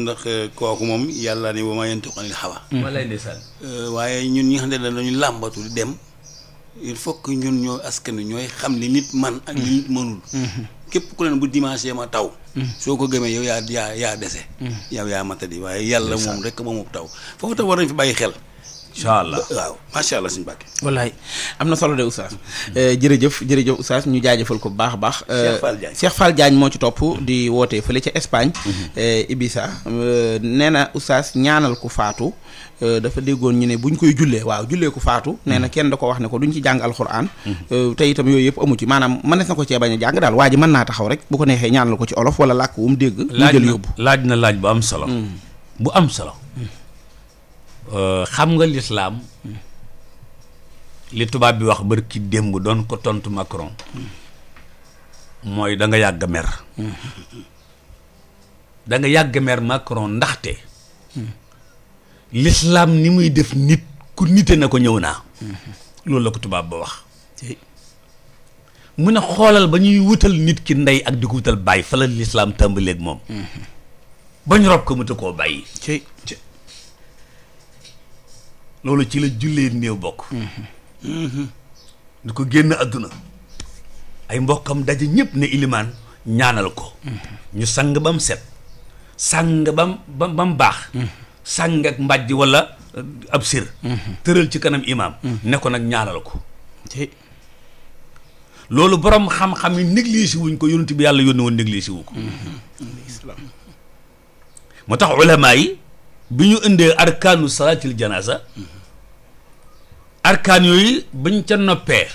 ndax eh, kooku moom yàlla ni wa maa yantiqu eh, waaye ñun ñi nga xam ne dañu làmbatu di dem il faut ñun ñoo askan ñooy xam ni nit man ak nit mënul. képp ku leen bu dimanche ma taw. soo ko gëmee yow yaa yaa yaa dese. yow yaa matadi waaye yàlla moom rek moomu taw foofu taw war nañ fi bàyyi xel. incha allah waaw macha allah suñu bàkke wallaay am na solo de oustaz eh, jërëjëf jërëjëf oustaz ñu jaajëfal ko bu baax a baax Cheikh eh, Fall jaañ moo ci topp di wootee fële ca Espagne mhm. eh, Ibiza nee na oustaz ñaanal ku faatu dafa déggoon ñu ne buñ koy jullee waaw jullee ku faatu mhm. nee na kenn da ko wax ne ko duñ ci jàng alxuraan mhm. te itam yooyu yëpp amu ci maanaam mënees na ko cee bañ jàng daal waa ji mën naa taxaw rek bu ko neexee ñaanal ko ci olof wala làkk wu mu dégg mu jël yóbbu laaj na laaj bu am solo mm. bu am solo mm. Euh, xam nga lislaam li tubaab bi wax bërki démb doon ko tontu Macron mooy danga nga yàgg mer da yàgg mer Macron ndaxte lislaam ni muy def nit ku nite na ko ñëw naa loolu la ko tubaab ba wax mu ne xoolal ba ñuy wutal nit ki ndey ak di ko wutal bàyyi fa la lislaam tàmbaleeg moom mhm. bañ rob ko mu te koo bàyyi loolu ci la jullee néew bokk du ko génn àdduna ay mbokkam daje ñëpp ne ilimaan ñaanal ko ñu sang bam set sang ba mu baax sang ak mbàjj walla euh, ab sir tëral ci kanam imaam ne ko nag ñaanal ko loolu boroom xam-xam yi ko yonent bi yàlla yónni woon négligé ko moo tax ulama yi bi ñu indee arkaanu salaatil janaasa arkaan yooyu bañ ca noppee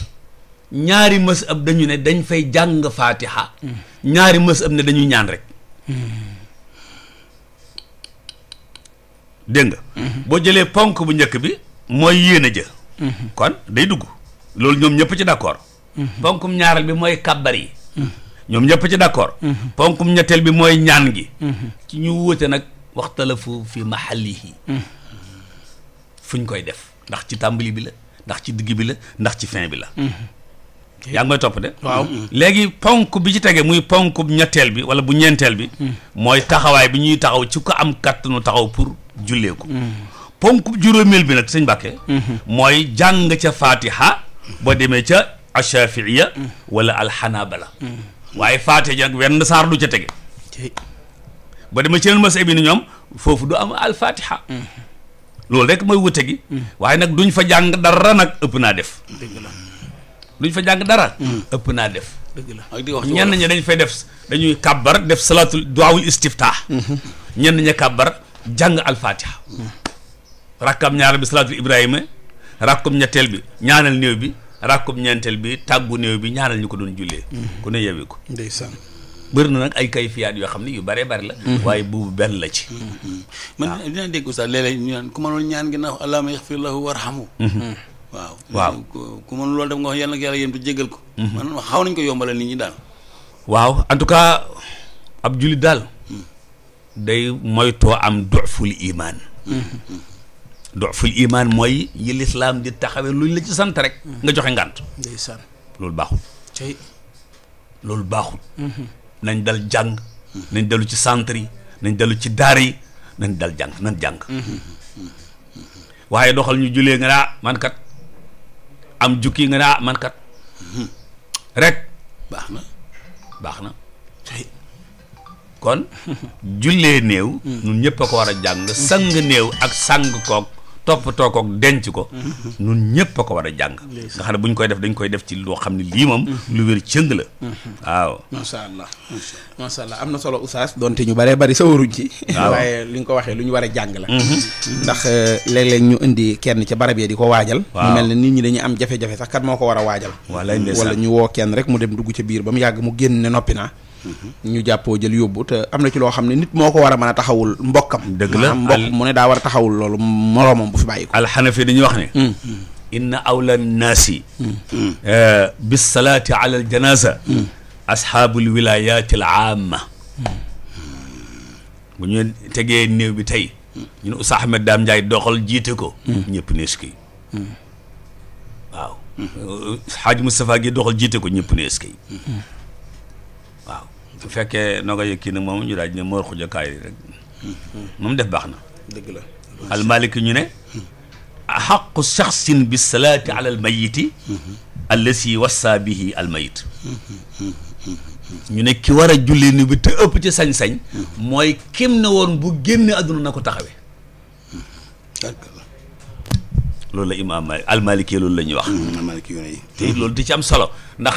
ñaari mës ab dañu ne dañ fay jàng faatiha ñaari mës ab ne dañuy ñaan rek dégg nga boo jëlee ponk bu njëkk bi mooy yéene jë kon day dugg loolu ñoom ñëpp ci d'accord ponkum ñaareel bi mooy kàbbar yi ñoom ñëpp ci d'accord mhm. ponkum ñetteel bi mooy ñaan gi mhm. ci ñu wóote nag waxtalafu fi mahallihi fu ñu koy def ndax ci tàmbali bi la ndax ci digg bi la ndax ci fin bi la mm-hmm. yaa ngi may topp de waaw mm-hmm. léegi ponk bi ci tege muy ponk ñetteel bi wala bu ñeenteel bi mm-hmm. mooy taxawaay bi ñuy taxaw ci ko am kàttanu taxaw pour julleeku ponk juróomeel bi nag sëñ Mbàkke mooy jàng ca faatiha boo demee ca achafiiya wala alxanabala waaye faatiha ji nag wenn saar du ca tege ba ma ci leen mas bi ni ñoom foofu du am alfatiha loolu rek mooy wute gi waaye nag duñ fa jàng dara nag ëpp naa def dëgg la duñ fa jàng dara hmm. naa def dëgg la ñenn ñe dañ fa def dañuy kàbbar def salaatul duwaawul istiftaa hmm. ñenn ña kàbbar jàng alfatiha rakkam ñaar bi salaatul ibrahima rakkam ñetteel bi ñaanal néew bi rakkam ñeenteel bi tàggu néew bi ñaanal ñu ko doon jullee hmm. ku ne yewi ko bëri na nag ay kayfiyaat yoo xam ne yu bare bëri la. Mhm. waaye boobu benn la ci. Mhm. man dinaa dégg sax léeg-léeg ñu naan ku mënul ñaan gi naan allahumma yaxfir lahu warhamu mhm. waaw ku mënul loolu def nga wax yàlla nag yàlla yéen tu jéggal ko. man xaw nañ ko yombalal nit ñi daal. waaw en tout cas ab jullit daal. day moytoo am doful imaan. doful imaan mooy yi lislaam di taxawee luñ sant rek. nga joxe ngànt. ndeysaan loolu baaxul. tey loolu baaxul. nañ dal jàng nañ dellu ci centre yi nañ dellu ci daara yi nañ dal jàng nañ jàng waaye doxal ñu julee nga naa ah, man am jukki nga naa ah, mankat kat rek baax na baax na kon jullee néew hmm. ñun ñëpp a ko war a jàng sang néew ak sang kook toppatoo ko denc ko mhm. nun ñëpp a ko war a jàng nga xam bu ñu koy def dañ koy def ci loo xam ne lii moom mhm. lu wér cëng la mhm. waaw macha allah macha am na solo oustaz donte ñu bëree bari sawaruñ ci waaye li ñu ko waxee lu ñu war a jàng la ndax euh, léeg-léeg ñu indi kenn ca barab yi di ko waajal mu mel na nit ñi dañu am jafe-jafe sax kat moo ko war a waajal wala ñu woo kenn rek mu dem dugg ca biir ba mu yàgg mu génn ne noppi naa ñu jàppoo jël yóbbu te am na ci loo xam ne nit moo ko war a mën a taxawul mbokkam dëgg la mu ne daa war a taxawul loolu moroomam bu fi bàyyi ko alxanafi dañuy wax ne mm. inna awla nnaasi mm. mm. eh, bis salaati ala al janaza asxaabul wilayaati al aama bu ñu tegee néew bi tey ñu ne Oustaz Ahmed Dame Ndiaye doxal jiite ko ñëpp nees kay waaw xaaj ko ñëpp su fekkee noo nga moom ñu daaj ne moor xuja kaay rek moom def baax na dëgg la almaliki ñu ne xaqu shaxsin bi salaati ala almayiti allasi wassa bihi almayit ñu ne ki war a julli ni bi te ëpp ci sañ-sañ mooy kim woon bu génne àdduna na ko taxawee loolu la imaam loolu la wax mm, almaliki te loolu di ci am solo ndax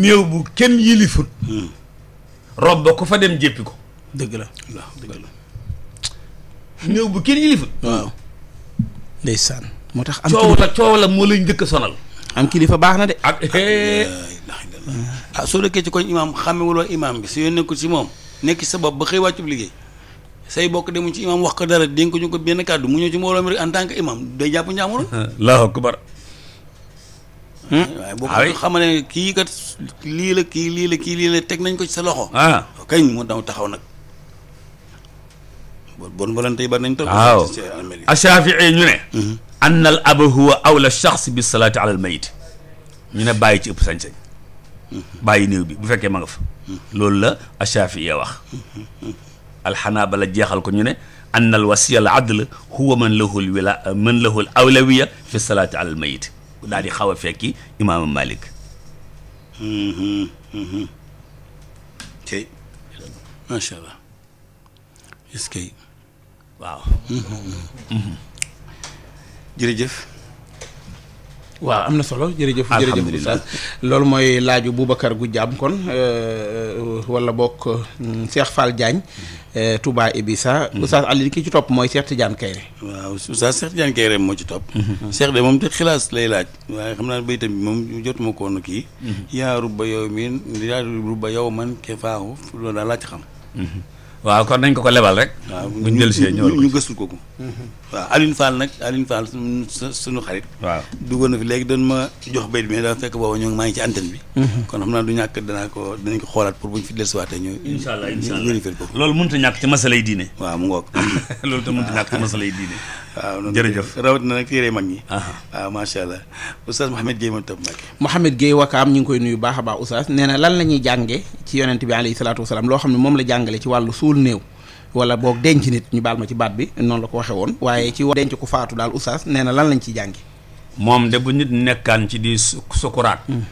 néew bu kenn yilifut mm. rob ba fa dem jéppi ko. dëgg la waaw dëgg la. néew bu kenn yilifa. waaw. ndeysaan moo tax. am coow la coow la moo lay njëkk sonal. am kilifa baax na de. ak ah soo dëkkee ci koñ imaam xàmmewuloo imaam bi su yoon nekkul ci moom nekk sa bopp ba xëy wàccub liggéey say bokk demuñ ci imaam wax ko dara dénk ñu ko benn kàddu mu ñëw ci mbooloo mi rek en tant que imaam day jàpp njaamuram. allahu akbar. Hmm? waaye boo ko ah kii kat lii la kii lii la kii lii la teg nañ ko ci sa loxo. ah kañ mu daw taxaw nag. bon volonté yi bari nañ toog. waaw Ashafii ñu ne. Hmm. anna awla shaxs bi salaati al mayit ñu bàyyi ci ëpp hmm. bàyyi néew bu fekkee ma loolu la Ashafii wax. alxanaabala jeexal ko ñu ne. anna al wasiya al adl huwa man lahu al wila awlawiya fi salaati al mayit daal di xaw a fekki imaamu Malik. tey macha allah est-ce que. waaw. jërëjëf. waaw am na solo jërëjëf jërëjëf oustaz loolu mooy laaju Boubacar gu jaam kon euh, euh, walla bokk hmm, Cheikh Fall Diagne euh, Touba Ibisa mhm. oustaz Alioune ki ci topp mooy Cheikh Tidiane Kayre waaw oustaz Cheikh Tidiane Kayre moo ci topp mhm. Cheikh de moom te xilaas lay laaj waaye xam naa baytam bi moom jotuma koon kii mhm. yaa rubba yow min yaa rubba yow man ke faahu loolu daal laa xam waaw kon dañ ko ko lebal rek. waaw bu ñu dellusee ñëwal ñu gëstu kooku. Mhm. waaw Alioune Fall nag Alioune su su suñu xarit. waaw duggoon na fi léegi doon ma jox béy bi mais dafa fekk booba ñoo ngi maa ngi ci antenne bi. Mhm. kon xam naa du ñàkk danaa ko danañ ko xoolaat pour buñ fi dellusiwaatee ñu. incha allah incha ñu ñu ñu loolu mënut a ñàkk ci masalay diine. waa mu ngoog. loolu te mënut a ñàkk ci masalay diine. waaw jërëjëf rawat na nag téere mag ñi waaw macha allah oustaz Mouhamed Gueye moom tam Mbacke Mouhamed Gueye wakaam ñu ngi koy nuyu baax a baax oustaz nee na lan la ñuy jànge ci yonent bi alayhi salaatu wasalaam loo xam ne moom la jàngale ci wàllu suul néew wala boog denc nit ñu baal ma ci baat bi noonu la ko waxe woon waaye ci denc ku faatu daal oustaz nee na lan lañ ciy jànge moom de bu nit nekkaan ci di sukuraat hmm.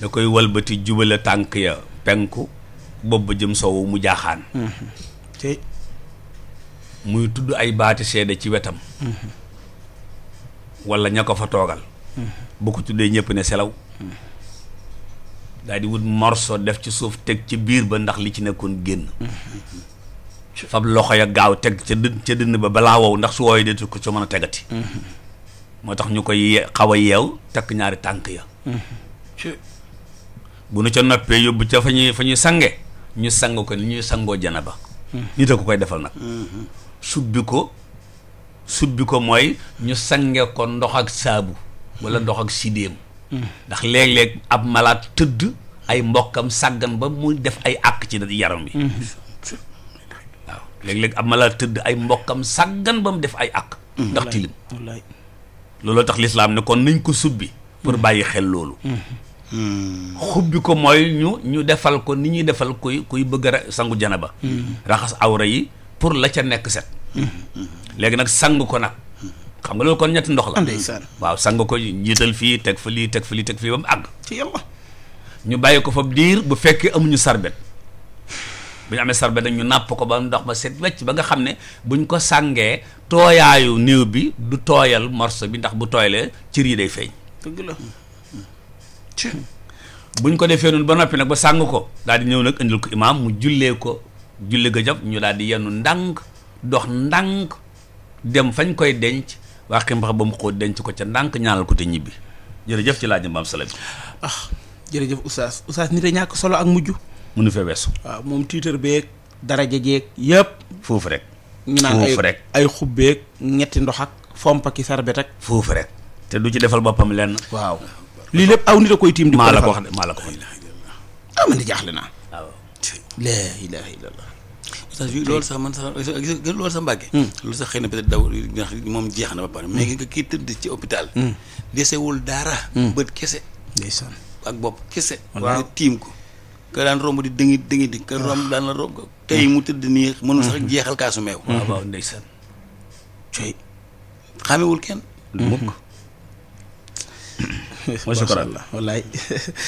da koy walbati jubale tànk ya penku ba jëm sowu mu jaaxaan hmm. muy tudd ay baati seede ci wetam wala ña ko fa toogal bu ko tuddee ñëpp ne selaw daal di wut morso def ci suuf teg ci biir ba ndax li ci nekkoon génn fab loxo ya gaaw teg ca dë ca dënn ba balaa wow ndax su wooyee deetu ko ca mën a tegati moo tax ñu koy xaw a yeew takk ñaari tànk ya bu nu ca noppee yóbbu ca fa fa ñuy sange ñu sang ko ni ñuy sangoo jana ba nit a ko koy defal nag subbi ko subbi ko mooy ñu sange ko ndox ak saabu wala ndox ak sidéem ndax léeg-léeg ab malaat tëdd ay mbokkam sàggan ba mu def ay àq ci yaram bi léeg-léeg malaat tëdd ay mbokkam sàggan ba mu def ay àq ndax tilim looloo tax lislaam ne kon nañ ko subbi pour mm. bàyyi xel loolu mm. Mm. xubbi ko mooy ñu ñu defal ko ni ñuy defal kuy kuy bëgg a sangu ba raxas awra yi pour la ca nekk set léegi nag sang ko nag xam nga loolu kon ñetti ndox la waaw sang ko jiital fii teg fa lii teg fa lii teg fii ba mu àgg ci yàlla ñu bàyyi ko fa diir bu fekkee amuñu sarbet bu ñu amee ñu nàpp ko ba ndox ma set wecc ba nga xam ne buñ ko sàngee tooyaayu néew bi du tooyal morso bi ndax bu tooyalee ci rii day feeñ dëgg la buñ ko defee noonu ba noppi nag ba sàng ko daal di ñëw nag indil ko imaam mu jullee ko julli ga ñu daal di yenu ndànk dox ndànk dem fañ koy denc waxi mbax ba mu xóot denc ko ca ndànk ñaanal ko te ñibbi jërëjëf ci laaj mbaam solo bi ah jërëjëf oustaz oustaz nit a ñàkk solo ak mujj munu fee weesu waaw moom tiitar beeg dara jeeg yëpp foofu rek ñu foofu rek ay xubbeeg ñetti ndox ak fomp ak sarbet ak foofu rek te du ci defal boppam lenn waaw lii lépp aw nit a koy tiim di maa la ko wax maa la ko wax ah jaaxle naa sax loolu sax man sax gis loolu sa Mbàkke hmm. loolu sax xëy na peut daw moom jeex na ba pare mais hmm. gis nga kii tëdd ci hôpital hmm. desewul daara bët kese ak bopp kese waaw tiim ko ka daan romb di dëngi dëngi di ka romb ah. daan la romb tey mu tëdd nii mënul sax jeexal kaasu meew waaw waaw coy xamewul kenn mukk wa shukran la wallaay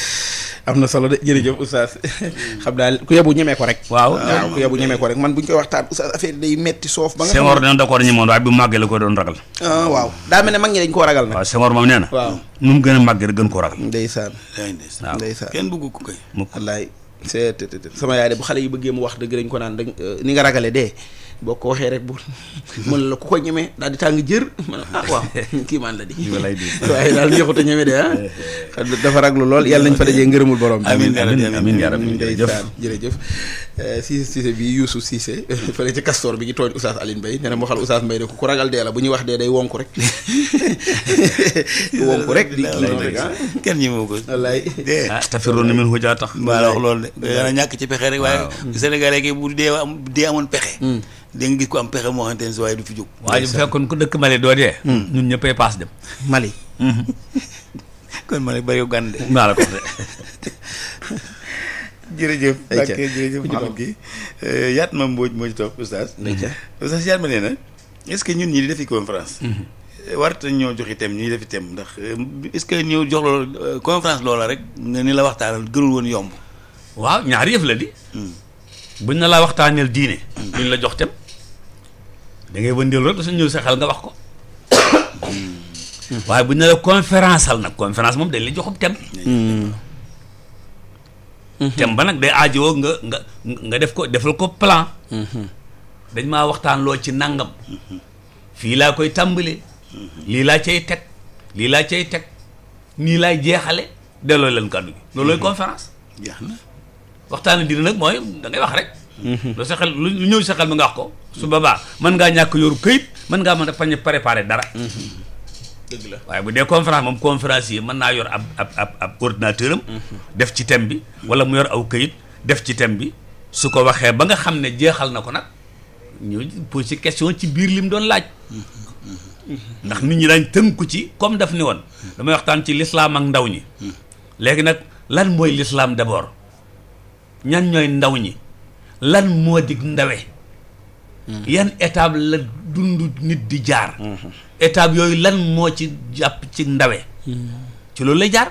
am na solo de jërëjëf oustaz xam daal ku yebu ñemee ko rek waaw ah, ku yebu ñemee ko rek man bu ñu koy waxtaan oustaz affaire day metti soof ba nga Senghor dina d'accord ñi moon waaye la koy doon ragal ah, waaw daa ne mag ñi dañ koo ragal nag waaw Senghor moom nee na waaw nu gën a màggee rek gën koo ragal ndeysaan ndeysaan ndeysaan kenn bëggu ko kay wallaay c'est sama yaay de bu xale yi bëggee mu wax dëgg dañ ko naan da euh, ni nga ragale dee boo ko waxee rek bu mën la ku ko ñemee daal di tàng jër ah waaw kii maan la di waaye daal ñëxut a ñeme de ah xam dafa raglu lool yàlla nañ fa dajee ngërëmul borom amiin amiin amiin jëf Eh, Cissé Cissé bi Youssou Cissé fële ci Castor bi ñu tooñ Oustaz Aline Mbaye nee na mu waxal Oustaz Mbaye ne ku ragal dee la bu ñuy wax dee day wonku rek wonku rek di kii rek ah. ko wallaay ah loolu de dana ñàkk ci pexe rek waaye Sénégalais ki bu dee am dee pexe hmm. da nga ko am pexe moo xamante ne du fi jóg waaye bu fekkoon ku dëkk Mali doo dee hmm. ñun ñëppay paas dem Mali hmm. kon Mali bari gànde de jërëjëf. ayca jërëjëf Mouhamed gi euh, yaat ma Mbodj moo ci topp oustaz. oustaz yaat ma nee na est-ce que ñun ñi di defi conférence. Mhm. Euh, warta ñoo joxi tem ñuy defi tem ndax euh, est-ce que ñëw jox loolu conférence loola rek nga ni la waxtaanal gënul woon yomb. waaw ñaari yëf la di. Hmm. buñ na la waxtaaneel diine. Hmm. duñ la jox tem. da ngay wëndeel rek da suñ ñëw sa xel nga wax ko. Hmm. waaye buñ na la conférence al nag conférence moom dañ la joxub tem. Mm-hmm. thème ba nag day aajowoo nga nga nga def ko defal ko plan mm-hmm. dañ maa waxtaan loo ci nangam mm-hmm. fii laa koy tàmbalee lii laa cay teg lii laa cay teg nii laay jeexale delloo leen kàddu gi loolooy conférence jeex na dina nag mooy da ngay wax rek lu sa xel lu ñëw sa xel mi nga wax ko su mën ngaa ñàkk yoru këyit mën ngaa mën a pañ préparer dara dëgg la waaye bu dee conférence moom conférencier mën naa yor ab ab ab ab ordinateur am. Mhm. def ci thème bi. wala mu yor aw kayit def ci thème bi su ko waxee ba nga xam ne jeexal na ko nag ñu posé question ci biir lim doon laaj. Mhm. ndax nit ñi dañ tënku ci comme daf ni woon. damay waxtaan ci lislaam ak ndaw ñi. Mhm. léegi nag lan mooy lislaam d'abord ñan ñooy ndaw ñi lan moo dig ndawe. yan étape la. dund nit di jaar. Mm-hmm. étape yooyu lan moo ci jàpp ci ndawe. Mm-hmm. ci loolu lay jaar.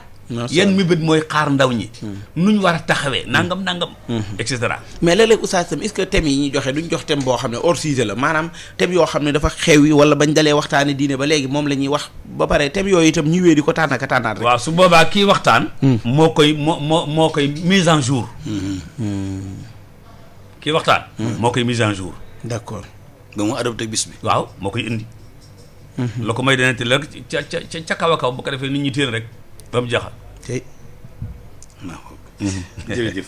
yan mébét mooy xaar ndaw ñi mm-hmm. nuñ war a taxawee nangam nangam et cetera mais léeg-léeg oustaz tam est-ce que thème yi ñu joxe duñ jox thème boo xam ne hors sujet la maanaam thème yoo xam ne dafa xew yi wala bañ dalee waxtaane diine ba léegi moom la ñuy wax ba pare thème yooyu itam ñu wéy di ko tànnaka tànnaat rek waaw su boobaa ki waxtaan mm. moo koy moo moo moo koy mise en jour kii waxtaan mm. moo koy mise en jour d'accord ba mu adopté bis bi. waaw moo koy indi. Mhm. la ko may dana te léegi ca ca ca kaw a kaw bu ko defee nit ñi téen rek ba mu jaxal. tey jërëjëf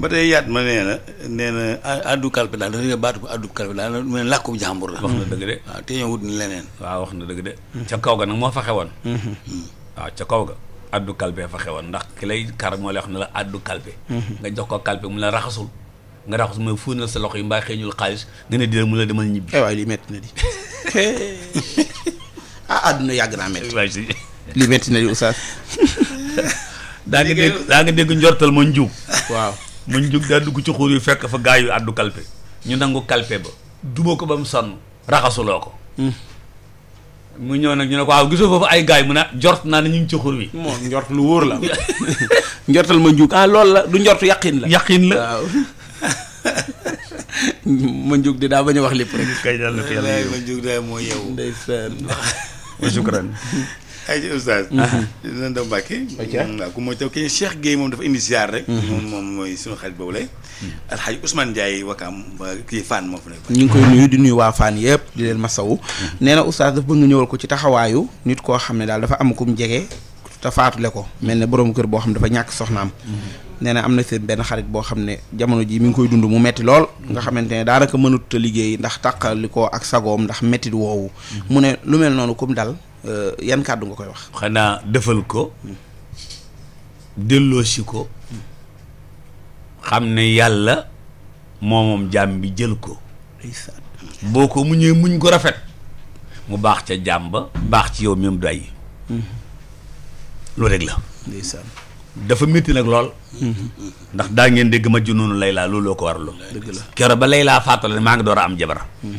ba tey yaat ma nee na nee na addu kalpe daal dafa baatu ko addu kalpe daal mu ne làkku jàmbur la. wax na dëgg de. te ñoo wut ni leneen. waaw wax na dëgg de. Mhm. ca kaw ga nag moo fa xewoon. Mhm. waaw ca kaw ga. addu kalpe fa xewoon ndax ki lay kar moo lay wax ne la addu kalpe. nga jox ko kalpe mu la raxasul. nga raxas mooy fuunal sa loxo yi mbaa xeeñul xaalis nga ne dina mu la demal ñibbi. Eh waaye li metti na di ah àdduna yàgg naa li metti na di dégg daa dégg njortal ma njuug. waaw ma njuug daa dugg ci yu fekk fa gaa àddu kalpe ñu nangu kalpe ba. duma ko ba mu sonn raxasuloo ko. Hmm. mu ñëw nag ñu ne ko waaw gisoo foofu ay gaay mu ne jort naa ne ñu ngi wi. moom njort lu wóor la. njortal ma njuug ah loolu la du njort yaqin la. yaqin la ma njuk di daa bañ a wax lépp rek. kay daal la ma njuk daal moo yeewu. ndeysaan mhm. mm, ku mooy taw kenn Cheikh moom dafa indi rek. Mhm. moom mooy suñu xarit boobu lay. Mhm. alxaaj Ousmane Ndiaye wakaam kii Fane moo fa nekk. ñu ngi koy di nuyu waa Fane yëpp di leen masawu. nee na oustaz dafa bëgg nga ñëwal ko ci taxawaayu nit koo xam ne daal dafa am kum jege. te faatule ko mel ne borom kër boo xam ne dafa ñàkk soxnaam. nee na am na seen benn xarit boo xam ne jamono ji mi ngi koy dund mu metti lool nga xamante ne daanaka mënut a liggéey ndax tàqali ko ak sagoom ndax mettit woowu mu ne lu mel noonu kum dal euh, yan kàddu nga koy wax xanaa defal ko delloosi ko xam ne yàlla moomoom jaam bi jël ko boo ko mu muñee muñ ko rafet mu baax ca jaam baax ci yow même doy yi mm-hmm. loolu rek la dafa métti nag lool. ndax daa ngeen dégg ma junoonu Layla looloo ko warlu. dëgg la keroog ba Layla fàttali maa ngi door a am jabar. Hmm.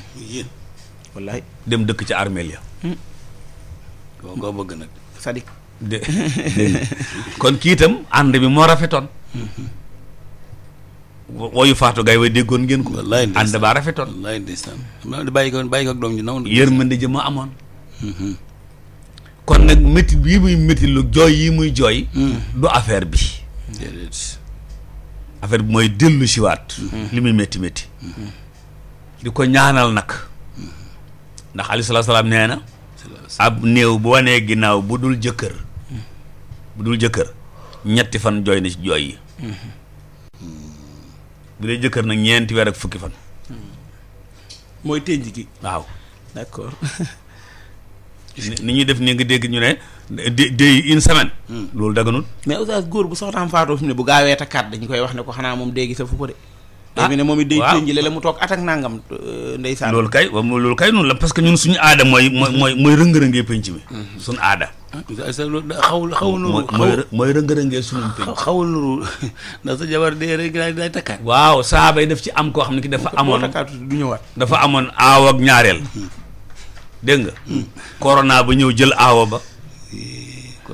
dem dëkk ca armeel ya. Hmm. waaw kon kii itam ànd bi moo rafetoon. woyu faatu gay way déggoon ngeen ko. wallaay ànd baa rafetoon. wallaay ndeysaan bàyyi ko amoon. Hmm, kon nag métti bii muy métti lu jooy yi muy jooy. Hmm. du affaire bi. déedéet bi mooy dellu si waat. Hmm. li muy métti métti. li hmm. ko ñaanal nag. ndax aleyhi salaam nee na. ab néew bu wanee ginnaaw bu dul jëkkër. bu dul ñetti fan jooy na ci jooy yi. bu dee jëkkër nag ñeenti weer ak fukki fan. mooy tëj gi. waaw ni ñu def ne nga dégg ñu ne déy une semaine hmm. loolu daganul mais oustaz góor bu soxnaam faatoo fi ne bu gaawee takkaat dañ koy wax ne ko xanaa moom déegi sa fu ko de ah, dafi ne moom it day ténji la mu toog at ak nangam euh, ndeysaan loolu la parce que ñun suñu aada mooy mooy mooy mooy rëngërëngee penc mi hmm. suñu aada xawul xawul nuru mooy rëngërëngee suñu penc xawul nuru ndax sa jabar dee rek daay daay takkaat waaw saabay daf ci am koo xam ne ki dafa amoon takkaat du ñëwaat dafa amoon aaw ak ñaareel hmm. dégg nga. Hmm. bu ñëw jël aawa ba.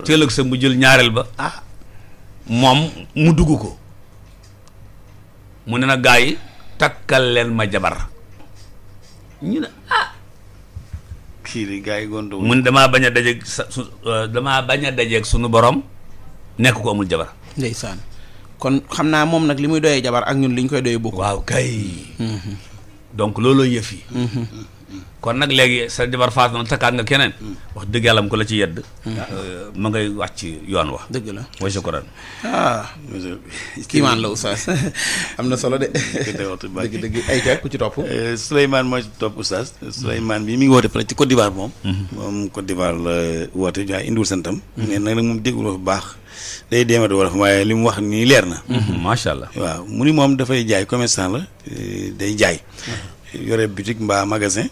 teel ak sa mu jël ñaareel ba. ah moom mu dugg ko. mu ne na gaa yi takkal leen ma jabar. ñu ne ah. kii yi gondoo damaa bañ a dajeeg sa su uh, damaa bañ a dajeeg sunu borom. nekk ko amul jabar. ndeysaan kon xam naa moom nag li muy doyee jabar ak ñun li ñu koy doyee bokk. waaw kay. Mm-hmm. donc looloo yëf yi. Mm-hmm. kon nag léegi sa jabar faas noonu takkaat nga keneen. Hmm. wax dëgg yàlla mu ko la ci yedd. Hmm. Euh, ma ngay wàcc yoon wa. dëgg la mooy sukkuraan. ah. kiimaan la oustaz am na solo de. dëgg dëgg ay ka ku ci topp. Euh, Souleymane moo ci topp oustaz. Hmm. Souleymane bi mi ngi woote fële ci Côte d'Ivoire moom. moom Côte d'Ivoire la woote waaye indiwul santam. nee na nag moom déglu fa baax. day demee wolof waaye li mu wax nii leer na. macha allah waaw mu ni moom dafay jaay commerçant la euh, day jaay. yore boutique mbaa magasin.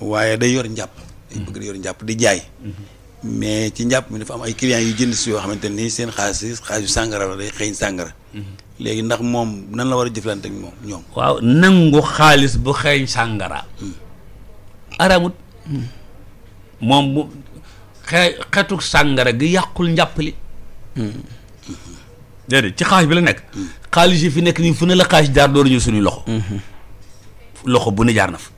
waaye day yor njàpp. day mm-hmm. bëgg di yor njàpp di jaay. Mm-hmm. mais ci njàpp mi dafa am ay clients yu jënd si yoo xamante ni seen xaalis xaalisu sàngara la day xëeñ sàngara mm-hmm. léegi ndax moom nan la war a jëflante moom ñoom waaw nangu xaalis bu xëeñ sàngara mm. aramut mm. moom bu xe sàngara gi yàqul njàpp li mm. déedéet ci xaalis bi la nekk xaalis yi fi nekk nii fu ne la xaalis jaar dooruñu suñu loxo loxo bu ne jaar na fa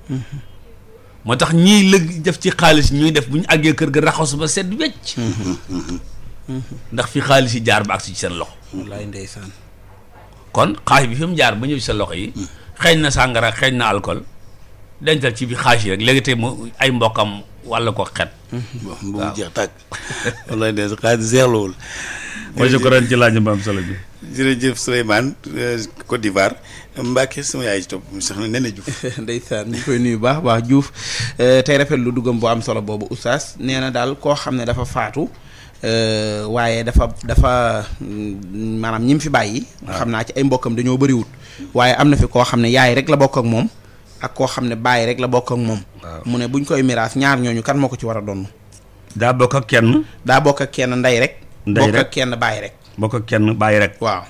moo tax ñiy lëg def ci xaalis ñuy def bu ñu àggee kër ga raxas ba set wecc ndax fi xaalis yi jaar ba agsi ci seen loxo wallaay ndeysaan kon xaalis bi fi jaar ba ñëw ci seen loxo yi xeeñ na sàngara xeeñ na alcool dencal ci bi xaalis yi rek léegi tey ay mbokkam walla ko xet bu mu jeex tàkk wallaay ndeysaan xaalis seexlawul mooy ci laaj ba solo bi jërëjëf Souleymane euh, Côte d'Ivoire Mbacke sama yaay ci topp mu soxna Nene Diouf. ndeysaan ñu koy nuyu baax baax Diouf eh, tey rafet lu duggam bu am solo boobu oustaz nee na daal koo xam ne dafa faatu eh, waaye dafa dafa mm, maanaam ñi fi bàyyi. Ah. xam naa ci ay mbokkam dañoo bariwut waaye am na fi koo xam ne yaay rek la bokk ak moom ak koo xam ne bàyyi rek la bokk ak moom. Ah. mu ne buñ koy miraas ñaar ñooñu kan moo ko ci war a donn daa bokk kenn. daa bokk kenn ndey rek. ndey rek kenn bàyyi rek. bokk kenn bàyyi rek. waaw.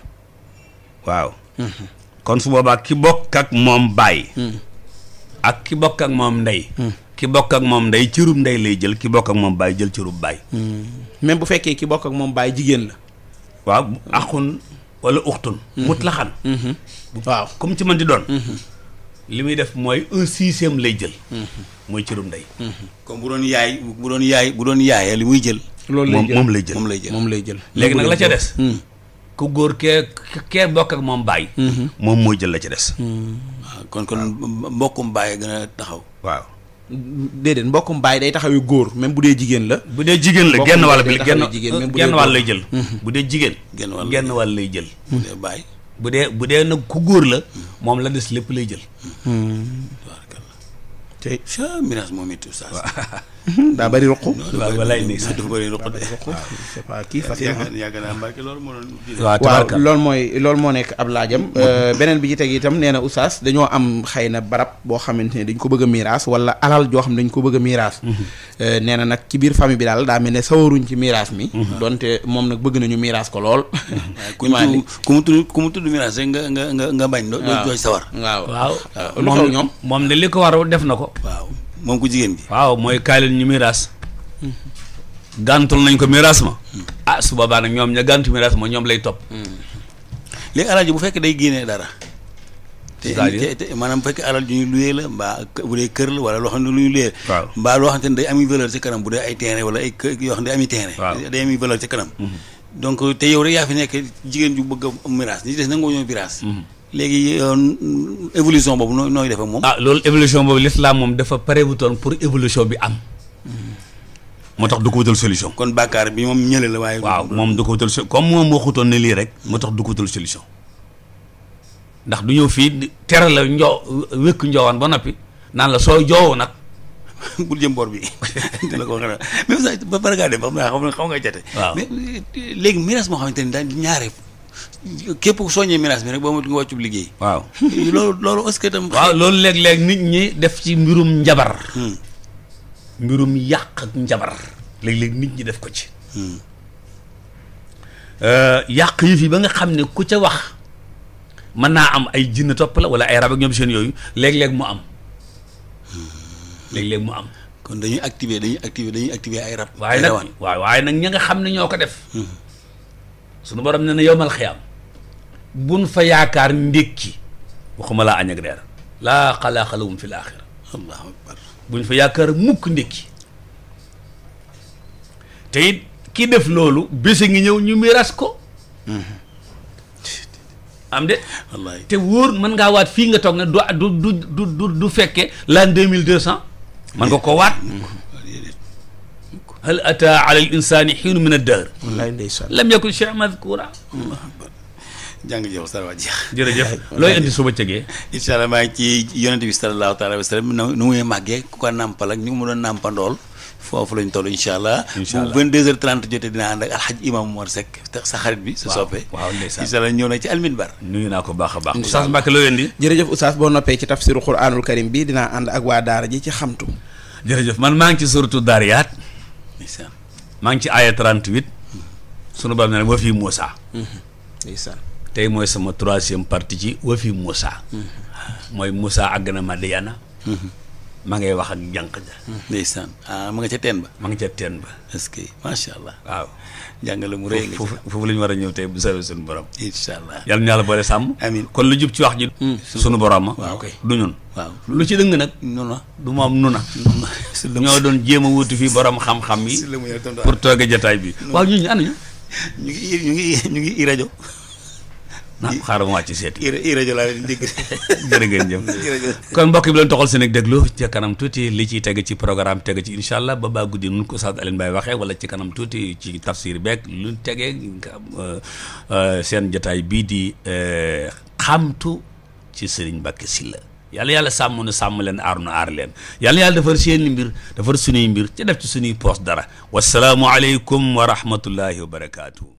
waaw. Mhm. kon su boobaa ki bokk ak moom baay. Hmm. ak ki bokk ak moom ndey. Hmm. ki bokk ak moom ndey cërub ndey lay jël ki bokk ak moom baay jël cërub baay. Hmm. même bu fekkee ki bokk ak moom baay jigéen la. waaw axun wala uxtun. mutlaxan. waaw comme ci man di doon. li muy def mooy un sixième lay jël. mooy cërub ndey. comme bu doon yaay bu doon yaay bu doon yaayee li muy jël. loolu lay jël moom lay jël moom lay jël. léegi nag la ca des. ku góor kee kee bokk ak moom bàyyi. Mhm. moom mooy jël la ca des. waaw mhm. ah, kon kon mbokkum bàyyi gën a taxaw. waaw. déedéet mbokkum bàyyi day taxawi góor même bu dee jigéen la. bu dee jigéen la genn wàll bi genn genn wàll lay jël. Mhm. bu dee jigéen. genn wàll genn wàll lay jël. bu dee bàyyi. bu dee bu dee nag ku góor la moom la des lépp lay jël. tey. sa mirage moom it daa bëri ruq. waaw walaay nii sax dafa bëri ruq de. waaw kii fas yàgg naa Mbacke loolu moo doon. mooy loolu moo nekk ab laajam. Euh, beneen bi ci teg itam nee na oustaz dañoo am xëy na barab boo xamante ne dañ ko bëgg a miiraas wala alal joo xam ne dañ ko bëgg a miiraas. Mhm. Euh, nee na nag ci biir famille bi daal daa mel ne sawaruñ ci miiraas mi. Mhm. donte moom nag bëgg nañu miiraas ko lool. ku mhm. mu ku mu tudd ku mu tudd miiraas rek nga nga nga bañ. waaw doo doo sawar. waaw waaw. loolu ñoom moom de li ko war def na ko waaw moom ku jigéen gi. waaw mooy kaay ñu miraas. gàntul nañ ko miraas ma. ah su boobaa nag ñoom ña gàntu miraas ma ñoom lay topp. léegi alal ji bu fekkee day génnee dara. te te maanaam bu fekkee alal ju ñu luyee la mbaa bu dee kër la wala loo xam ne lu ñu luyee. waaw mbaa loo xam ne day am valeur ci kanam bu dee ay terrain wala ay kër yoo xam ne day am terrain. day am valeur ci kanam. Mhm. donc te yow rek yaa fi nekk jigéen ju bëgg a miraas ñi des nangoo ñoo miraas. Mhm. léegi euh, évolution boobu noo nooy defee moom. ah loolu évolution boobu laa moom dafa parewutoon pour évolution bi am. Hmm. moo tax du ko wutal solution. kon bàkkaar bi moom ñële la waaye. waaw moom du ko wutal comme moom waxutoon ne lii rek. moo tax du ko wutal solution. ndax du ñëw fii tere la njo wékk njoowaan ba noppi naan la soo joowoo nag. bul jëm boor bi dina ko xanaa même ba pare ngaa xaw xam nga xam waaw mais euh, léegi miraas moo xamante ni daal ñaare. képp ku soññee menace bi rek boo moytu nga wàccub liggéey. waaw loolu loolu est que tam. waaw loolu léeg-léeg nit ñi def ci mbirum njabar. Hmm. mbirum yàq njabar. léeg-léeg nit ñi def ko ci. Hmm. Euh, yàq yi fii ba nga xam ne ku ca wax mën naa am ay jinn topp la wala ay rab ak ñoom seen yooyu léeg-léeg mu am hmm. léeg-léeg mu am. kon dañuy activer dañuy activer dañuy activer ay rab. waaye nag waaw waaye nag nga xam ne ñoo ko def. sunu borom ne na yowmal am buñ fa yaakaar ndékki waxuma laa añ ak reer laa xalaa lahum fi l axira allahu akbar buñ fa yaakaar mukk ndékki te it ki def loolu bés ngi ñëw ñu miras ko am de te wóor mën ngaa waat fii nga toog ne du du du du fekke l'an deux mille deux mën nga ko waat hal ataa ala al insani xiinu min ad-dahr wallaay ndeysaan lam yakun shay madkura jàng jëf sara waa jeex jërëjëf looy indi suba cëgee incha allah maa ngi ci yonent bi sallallahu taala wa sallam nu muy màggee ku ko nàmpal ak ñu mu doon nàmpandool foofu lañ toll incha allah bu vingt deux heures trente jotee dinaa ànd ak alxaj sa xarit bi sa soppe waaw ndeysaan incha ñëw na ci alminbar nuyu naa ko baax a baax oustaz maak looy indi jërëjëf oustaz boo noppee ci tafsiru quranul karim bi dinaa ànd ak waa daar ji ci xamtu jërëjëf man maa ngi ci suratu daariyaat ndeysaan maa ngi ci aaya 38 sunu baam ne nag wa fii Moussa. ndeysaan tey mooy sama troisième parti ci wa fii Moussa. Mhm. mooy Moussa àgg na Madiana. Mhm. ma ngay wax ak jànq ja hmm. ndeysaan ah, ma nga ca teen ba ma nga ca teen ba est-ce que macha allah waaw jàngale mu rëy foofu foofu la ñu war a ñëw tey bu soobee suñu borom incha allah yàlla na yàlla boole sàmm amiin kon lu jub ci wax ji hmm. suñu borom waaw kay du ñun waaw lu ci dëng nag nuna du moom nuna ñoo doon jéem a wuuti fii borom xam-xam yi pour tooge jataay bi waaw ñun ñu ànd ñu ngi ñu ñu ngi i rajo ah xaaral ma wàcc seeti. rajo laa leen dégg. jërë ngeen jëm kon mbokk yi bi leen toxal seen ak déglu ca kanam tuuti li ciy teg ci programme tege ci incha allah ba baa guddi nun ko Oustaz Alioune bay waxee wala ci kanam tuuti ci tafsir beeg lu tege euh, euh, seen jotaay bii di euh, xamtu ci Serigne Mbacké Sylla yàlla yàlla sàmm nu sàmm leen ar nu ar leen yàlla yàlla defar seeni mbir defar suñuy mbir ci def ci suñuy poos dara wasalaamualeykum wa rahmatullahi wa barakaatu.